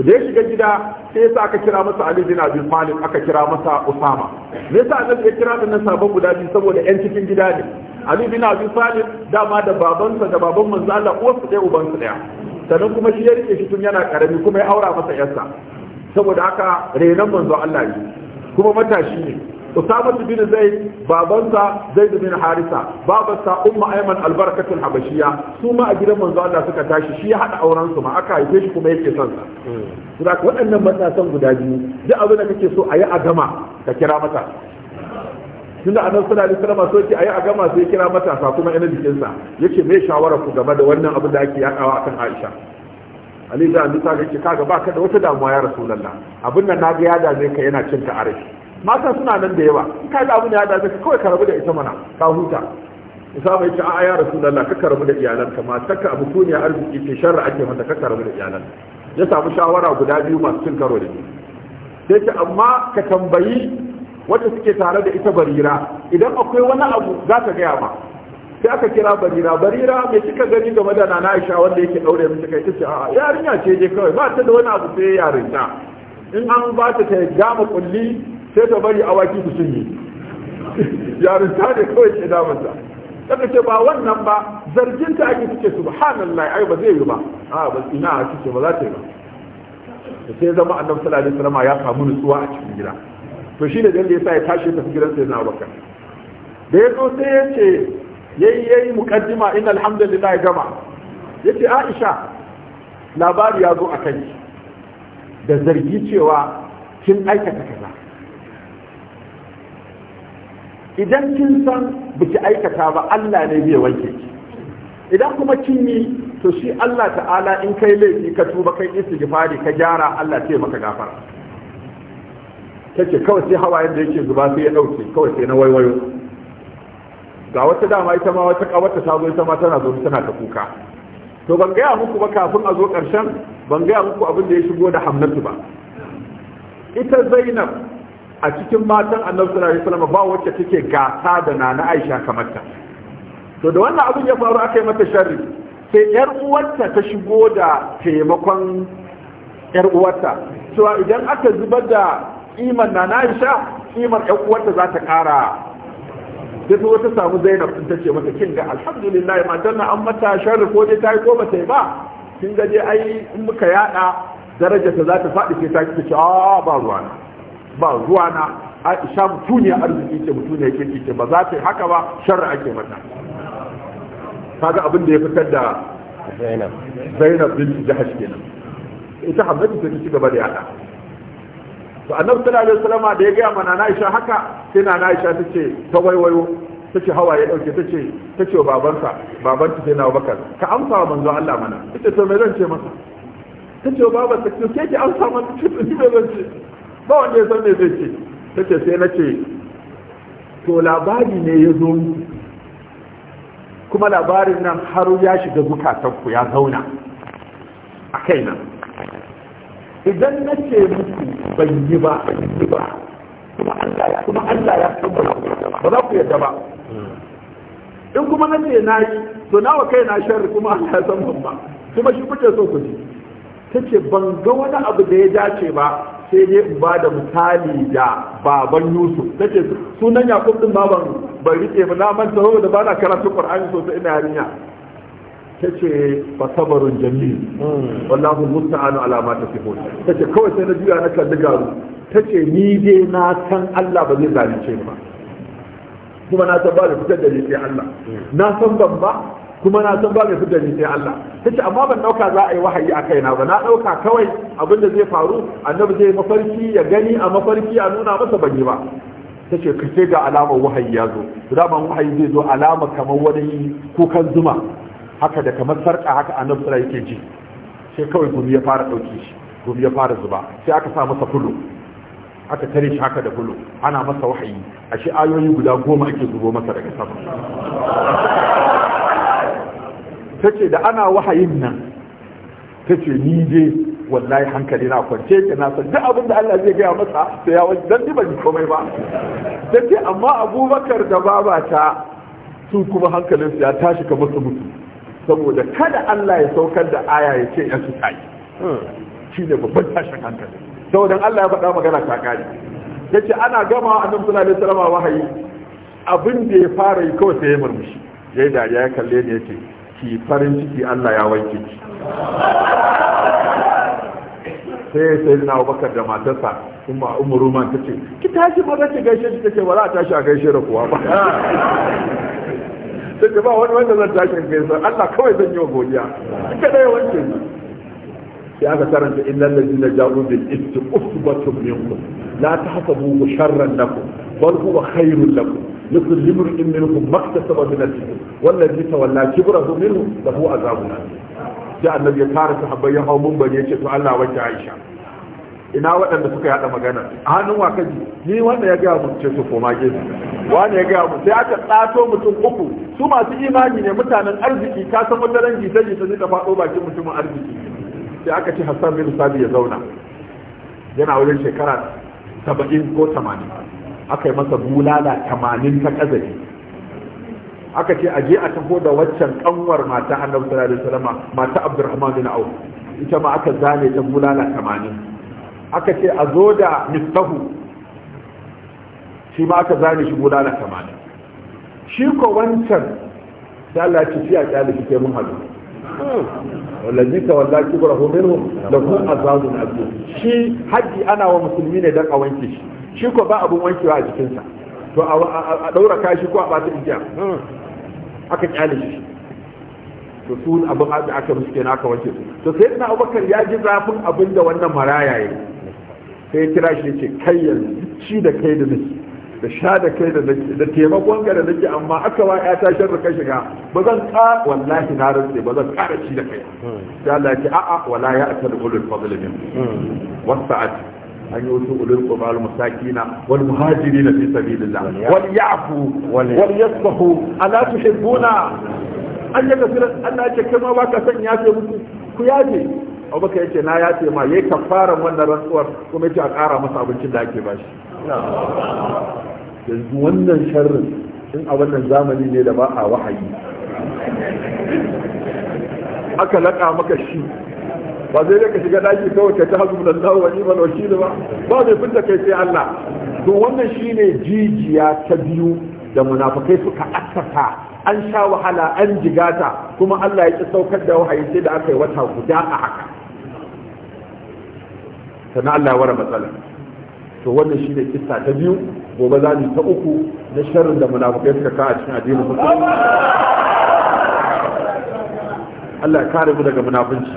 to da ya shiga gida sai yasa aka kira masa Ali bin Abi Talib aka kira masa Usama me yasa annabi ya kira dinnan sabon guda biyu saboda yan cikin gida ne Ali bin Abi Talib dama da babansa da baban manzo Allah su dai ubansa daya, sannan kuma shi ya rike shi tun yana karami kuma ya aura masa yarsa saboda haka renan manzo Allah ne kuma matashi ne Usama bin Zaid babansa Zaid bin Harisa Babasa Umma Ayman albarkatun Habashiya su ma a gidan manzo Allah suka tashi shi ya hada auren su ma aka haife shi kuma yake son sa saboda waɗannan matasan guda biyu duk abin kake so a yi a gama kira mata tunda annabi sallallahu alaihi wasallam so ce ayi a gama sai kira matasa kuma ina jikinsa sa yace me shawarar ku game da wannan abin da ake yakawa akan Aisha Ali da Annabi ta ce kaga baka da wata damuwa ya Rasulullah abin nan naga ya dame ka yana cin ta mata suna nan da yawa in ka ji ne ya dace, ka kawai ka rabu da ita mana ka huta isa bai ce a'a ya rasulullah ka karbu da iyalanka mata ka abu kuniya arziki ke sharra ake mata ka karbu da iyalanka ya samu shawara guda biyu masu cin karo da ni sai ce amma ka tambayi wanda suke tare da ita barira idan akwai wani abu za ka gaya ma sai aka kira barira barira mai kika gani game da na aisha wanda yake daure miki kai a a'a yarinya ce je kawai ba ta da wani abu sai yarinta in an ba ta ta gama kulli sai ta bari awaki su sun cinye yarinta ne kawai ke damunta daga ce ba wannan ba zargin ta ake suke subhanallah ai ba zai yi ba a ba ina a kike ba za ta yi ba da sai zama annabi sallallahu alaihi ya samu nutsuwa a cikin gida to shi ne da yasa ya tashi fi gidan sai na baka. da ya zo sai ya ce ya yi muqaddima in alhamdulillah gama ya ce Aisha labari ya zo a kai da zargi cewa kin aikata kai idan kin san biki aikata ba Allah ne zai wanke ki idan kuma kin yi to shi Allah ta'ala in kai laifi ka tuba kai istighfari ka gyara Allah sai maka gafara kace kawai sai hawayen da yake zuba sai ya dauke kawai sai na waiwayo ga wata dama ita ma wata kawarta ta zo ita ma tana zo tana ta kuka to ban ga muku ba kafin a zo karshen ban ga muku abin da ya shigo da hamnatu ba ita zainab a cikin matan annabi sallallahu alaihi wasallam ba wacce take gasa da nana Aisha kamar ta to da wannan abin ya faru aka yi mata sharri sai yar uwarta ta shigo da taimakon yar uwarta cewa idan aka zubar da iman nana Aisha iman yar uwarta za ta kara sai ta wata samu Zainab ta ce mata kin ga alhamdulillah matan na an mata sharri ko dai ta ko ba ta yi ba kin ga dai ai in muka yada darajarta za ta faɗi sai ta ce a ah, ba ruwa ba ruwa na aisha mutuniyar arziki ce mutuniyar ke ce ba za ta yi haka ba sharri ake mata kaga abin da ya fitar da zainab zainab bin jahash kenan ita ce ta ci gaba da yada to annabi sallallahu alaihi wasallam da ya ga mana na aisha haka sai na aisha ce ta waiwayo ce hawa ya dauke tace tace wa babansa babanta sai na Abubakar ka amsa wa manzo Allah mana ita to me zan ce masa tace wa babansa ta ce ki amsa masa ki zan ce ba wanda ya san me zai ce ta ce sai na ce to labari ne ya zo mu kuma labarin nan har ya shiga zukatanku ya zauna a kai nan idan na ce muku ban yi ba kuma Allah ya san ba za ku yadda ba in kuma na ce na yi to nawa kai na sharri kuma Allah ya san ban ba kuma shi kuke so ku ji ta ce ban ga wani abu da ya dace ba sai dai in ba da misali da baban yusuf take sunan yakub din baban ban rike ba na manta saboda ba na karatu qur'ani sosai ina yarinya tace fa sabarun jamil hmm. wallahu musta'anu ala ma tasifun tace kawai sai na juya na kalli garu tace ni dai na san Allah ba zai zalunce ni ba kuma na san ba da fitar da ni sai Allah hmm. na san ban ba kuma na san ba mai fitar ni sai Allah ce amma ban ɗauka za a yi wahayi a kaina ba na ɗauka kawai abinda zai faru annabi zai mafarki ya gani a mafarki a nuna masa ban yi ba Ta ce ka ce ga alamar wahayi ya zo daman wahayi zai zo alama kamar wani kukan zuma haka da kamar sarƙa haka annabi sura yake ji sai kawai gumi ya fara ɗauki shi gumi ya fara zuba sai aka sa masa fulu aka tare shi haka da fulu ana masa wahayi shi ayoyi guda goma ake zubo masa daga sama ta ce da ana wahayin nan ta ce ni je wallahi hankali na kwance ke na san duk abin da Allah zai gaya masa sai ya wani dan ban komai ba ta ce amma abubakar da babata su kuma hankalin su ya tashi kamar su mutu saboda kada Allah ya saukar da aya ya ce yan su tsaye shi ne babban tashin hankali saboda Allah ya faɗa magana ta kare Ta ce ana gama annabi sallallahu alaihi wasallam wahayi abin da ya fara yi kawai sai ya murmushi yayin da ya kalle ne yake ki farin ciki Allah ya wanke ki sai sai na bakar da matarsa kuma ma man ce, ki tashi ba zai gaishe shi take ba za a tashi a gaishe da kuwa ba sai ba wani wanda zan tashi in gaishe, Allah kawai zan yi wa godiya ka ya wanke ni sai aka karanta innal ladina ja'u bil isti usbatun minkum la tahsabu sharran lakum bal huwa khairul lakum لكل امرئ منهم ما اكتسب من الاثم والذي تولى كبره منه له عذاب اليم sai annabi ya tara sahabbai ya hau mumbar ya ce to Allah wanke Aisha ina waɗanda suka yaɗa magana a hannun wa kaji ni wanda ya gaya mun ce su koma gefe Wani ya gaya mun sai aka tsato mutum uku su masu imani ne mutanen arziki ka san wata ran jita jita ne ta faɗo bakin mutumin arziki sai aka ce Hassan bin Sabi ya zauna yana wajen shekara saba'in ko tamanin. aka yi masa bulala tamanin ta kazafi aka ce aje a taho da waccan kanwar mata annabi sallallahu alaihi wasallam mata abdurrahman bin auf ita ma aka zane ta bulala tamanin aka ce a zo da mistahu shi ma aka zane shi bulala tamanin shi ko wancan da Allah ya ci a kyale shi ke mun hadu hmm. wallazi ka walla kibrahu minhum lahu azabun azim shi haji ana wa musulmi ne dan a wanke shi shi ko ba abun wankewa a jikinsa to a ɗaura kashi ko a ɓata igiya hmm. aka kyale shi to su abin da aka musu kenan aka wanke su to sai na abubakar ya ji zafin abin da wannan maraya ya sai kira shi ce kai yanzu ci da kai da nake da sha da kai da nake da taimakon ga da nake amma aka wa ya tashar da kai shiga ba zan ka wallahi na rantse ba zan kara ci da kai hmm. sai Allah ya ce a'a wala ya atal ulul fadl min hmm. wasa'at an yutu ulul qurba wal musakina wal muhajirin fi sabilillah wal ya'fu wal yasfahu ala tuhibbuna an yaga sura Allah ya ce kuma ba ka san ya ce mutu ku yaje abubakar yace na ya ce ma yayi kafaran rantsuwar kuma yace a kara masa abincin da ake bashi yanzu wannan sharrin in a wannan zamani ne da ba a wahayi aka laƙa maka shi ba zai ka shiga daki kawai ka ta hazu da Allah wa ni'mal wakil ba ba zai fita kai sai Allah to wannan shine jijiya ta biyu da munafikai suka assasa an sha wahala an jigata kuma Allah ya ki saukar da wahayi sai da aka yi wata guda a haka sannan Allah ya wara matsala to wannan shine kissa ta biyu gobe za ta uku na sharrin da munafikai suka kawo a cikin addinin musulmi Allah kare mu daga munafunci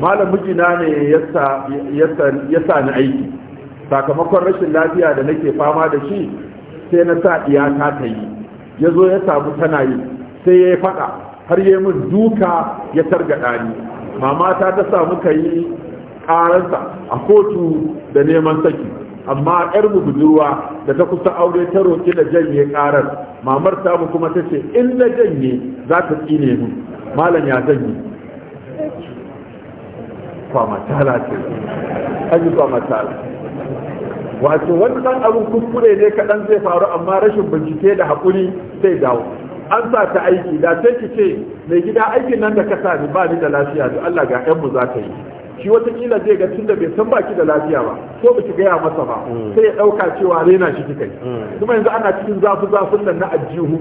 malam mijina ne ya sa ni aiki sakamakon rashin lafiya da nake fama da shi sai na sa iyaka ta yi ya zo ya samu tana yi sai ya yi faɗa har yi min duka ya targaɗa ni mamata ta samu ka yi ƙaransa a kotu da neman saki amma yar mu budurwa da ta kusa aure ta roki da janye karar mamar ta mu kuma tace in na janye za ta tsine mu malam ya janye kwama tala ce an yi kwama tala wato wannan abin kuskure ne kaɗan zai faru amma rashin bincike da haƙuri sai dawo an sa ta aiki da sai ki ce mai gida aikin nan da ka sami ba ni da lafiya to Allah ga ƴan mu za ta yi shi watakila zai ga tunda bai san baki da lafiya ba ko baki gaya masa ba sai ya ɗauka cewa rena shi kika kuma yanzu ana cikin zafi zafin nan na ajihu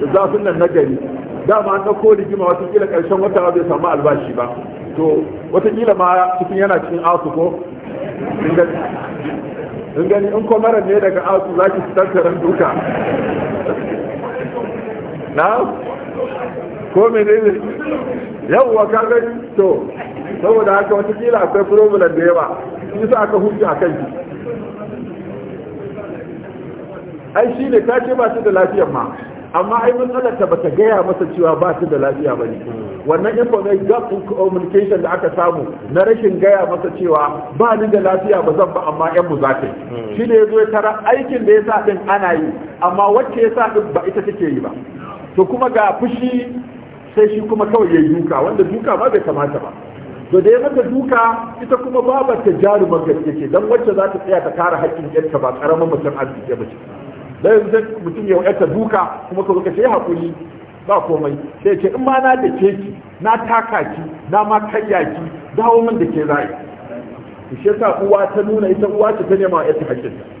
da zafin nan na gari dama an ɗauko rigima watakila ƙarshen wata bai samu albashi ba to watakila ma cikin yana cikin asu ko in gani in kwamaran ne daga asu za ki tattaran duka na ko menene yawwa ka gani to saboda haka wata kila akwai problem da yawa shi sa aka hujja akan shi ai shi ne ta ce ba su da lafiyar ma amma ai matsalarta ba ta gaya masa cewa ba su da lafiya ba ne wannan information gap communication da aka samu na rashin gaya masa cewa ba ni da lafiya ba zan ba amma yan mu za shi ne ya zo ya tara aikin da ya sa din ana yi amma wacce ya sa din ba ita take yi ba to kuma ga fushi sai shi kuma kawai ya duka wanda duka ma bai kamata ba to da ya mata duka ita kuma babar ta jarumar gaske ce dan wacce za ta tsaya ta kare haƙƙin yarta ba karamin mutum arziki ba ce da yanzu mutum ya yarta duka kuma ka ka ce haƙuri ba komai sai ce in ma na da keki, na taka ki na ma karya ki dawo min da ke zai shi yasa uwa ta nuna ita uwa ce ta nema yarta haƙƙinta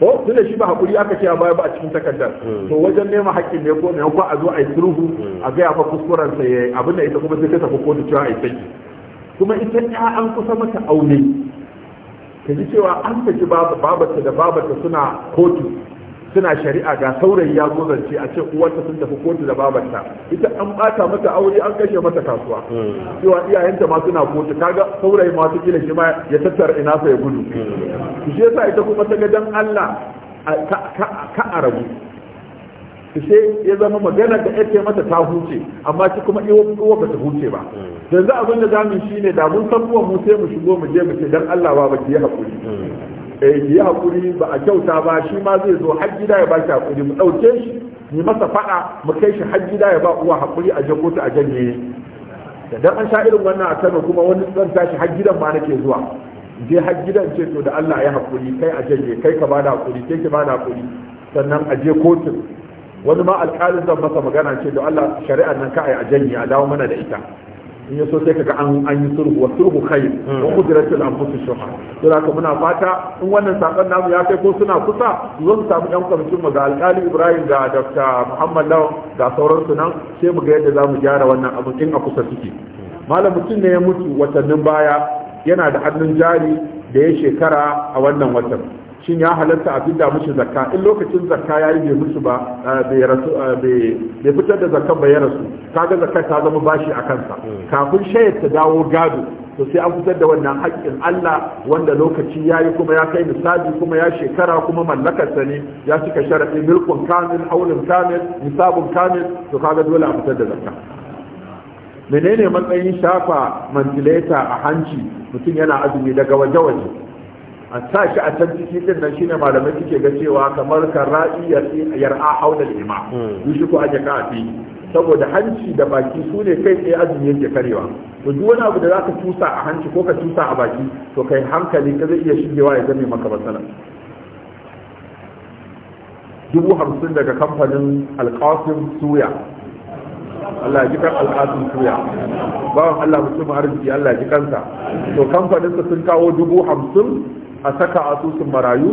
ko da shi ba hakuri aka ce baya ba a cikin takardar hmm. to wajen neman hakkin ne ko ne ko a zo a yi suruhu. Hmm. a ga ya fa kuskuren sa yayi abin da ita kuma sai ta tafi kotu cewa a saki kuma ita ta an kusa mata aure ka ji cewa an saki babarta da babarta suna kotu suna shari'a ga saurayi ya zo zance a ce uwarta sun tafi kotu da babata. ita an bata mata aure an kashe mata kasuwa cewa iyayenta ma suna kotu kaga saurayi ma su kila shi ma ya tattara ina sa ya gudu shi yasa ita kuma ta ga dan Allah ka arabu sai ya zama magana da ya mata ta huce amma shi kuma kowa ba ta huce ba yanzu abin da zamu shine da mun san mu sai mu shigo mu je mu ce dan Allah ba ba ki hakuri Eh, yi hakuri ba a kyauta ba shi ma zai zo hajji da ya ba shi hakuri mu ɗauke shi mu masa faɗa mu kai shi hajji da ya ba uwa hakuri a jago ta a janye da dan an sha irin wannan a Kano kuma wani zan tashi hajji gidan ma nake zuwa je hajji ceto ce to da Allah ya hakuri kai a janye kai ka bada hakuri kai ki bada hakuri sannan a je kotun wani ma alƙalin zan masa magana ce da Allah shari'ar nan ka a janye a dawo mana da ita in yi sai kaga an an yi sulhu wa sulhu khair wa hmm. qudratul anfus shuha to muna fata in wannan sakon namu ya kai ko suna kusa zo mu samu ɗan kwamitin mu ga alƙali Ibrahim da Dr. Muhammad Law ga sauransu nan sai mu ga yadda zamu gyara wannan abu in a kusa suke malam mutum ne ya mutu watannin baya yana da hannun jari da ya shekara a wannan watan shin ya halarta abin da mushi zakka in lokacin zakka ya yi bai musu ba eh, bai rasu eh, bai fitar da zakka bai rasu kaga zakka ta zama bashi a kansa hmm. kafin shayar ta dawo gado to sai an fitar da wannan haƙƙin Allah wanda lokaci ya yi kuma ya kai misali kuma ya shekara kuma mallakarsa ne ya cika sharaɗi milkun kamil haulin kamil nisabun kamil to kaga dole a fitar da zakka menene matsayin shafa mantileta a hanci mutum yana azumi daga waje-waje a sa shi a can ciki din nan shine malamai suke ga cewa kamar karra'i yar'a haula al-ima yushi hmm. ko aje ka afi saboda hanci da baki su ne kai tsaye azumi yake karewa to duk wani abu da zaka tusa a hanci ko ka tusa a baki to kai hankali ka zai iya shigewa ya zame maka matsala dubu hamsin daga kamfanin alkasim suya Allah ji kan alƙasin suya bawan Allah mutum arziki Allah ji kansa to kamfanin sun kawo dubu hamsin a saka asusun marayu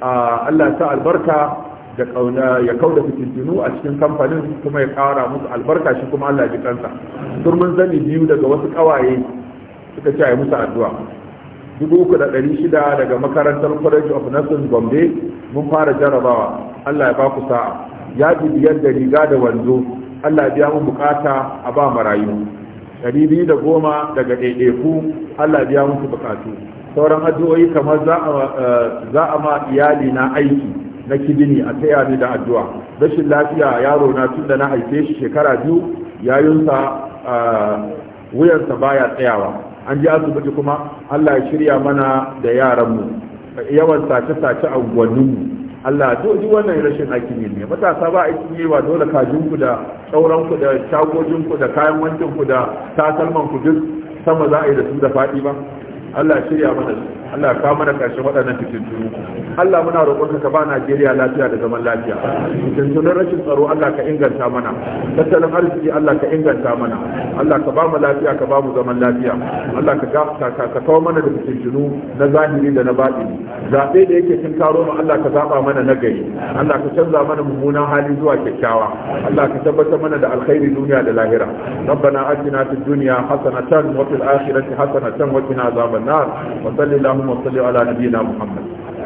a Allah ta albarka da kauna ya kauda fitintinu a cikin kamfanin kuma ya kara musu albarka shi kuma Allah ji kansa turmin zani biyu daga wasu kawaye suka ce a musu addu'a dubu uku da ɗari shida daga makarantar college of nursing gombe mun fara jarabawa Allah ya ba ku sa'a ya biyar da riga da wanzo Allah ya biya mu bukata a ba marayu ɗari biyu da goma daga ɗaiɗaiku Allah ya biya musu bukatu sauran addu'o'i kamar eh, za a ma iyali na aiki na kidini a taya ni da addu'a rashin lafiya yaro na tunda na haife shi shekara biyu yayinsa eh, wuyansa baya tsayawa an ji asibiti kuma Allah ya shirya mana da yaranmu yawan sace-sace a unguwanninmu Allah to ji wannan rashin aiki ne matasa ba a yi wa dole kajinku da ku da shagojinku da kayan ku da ku duk sama za a yi da su da faɗi ba Allah shirya mana Allah ka mana karshen waɗannan fitintunu Allah muna roƙonka ka ba Najeriya lafiya da zaman lafiya fitintunan rashin tsaro Allah ka inganta mana tattalin arziki Allah ka inganta mana Allah ka ba mu lafiya ka ba mu zaman lafiya Allah ka ga ka ka kawo mana da fitintunu na zahiri da na batini zaɓe da yake kin karo mu Allah ka zaɓa mana na gari Allah ka canza mana mummunan hali zuwa kyakkyawa Allah ka tabbatar mana da alkhairi duniya da lahira ربنا آتنا في الدنيا حسنة وفي الآخرة حسنة وقنا عذاب النار وصل اللهم وصل على نبينا محمد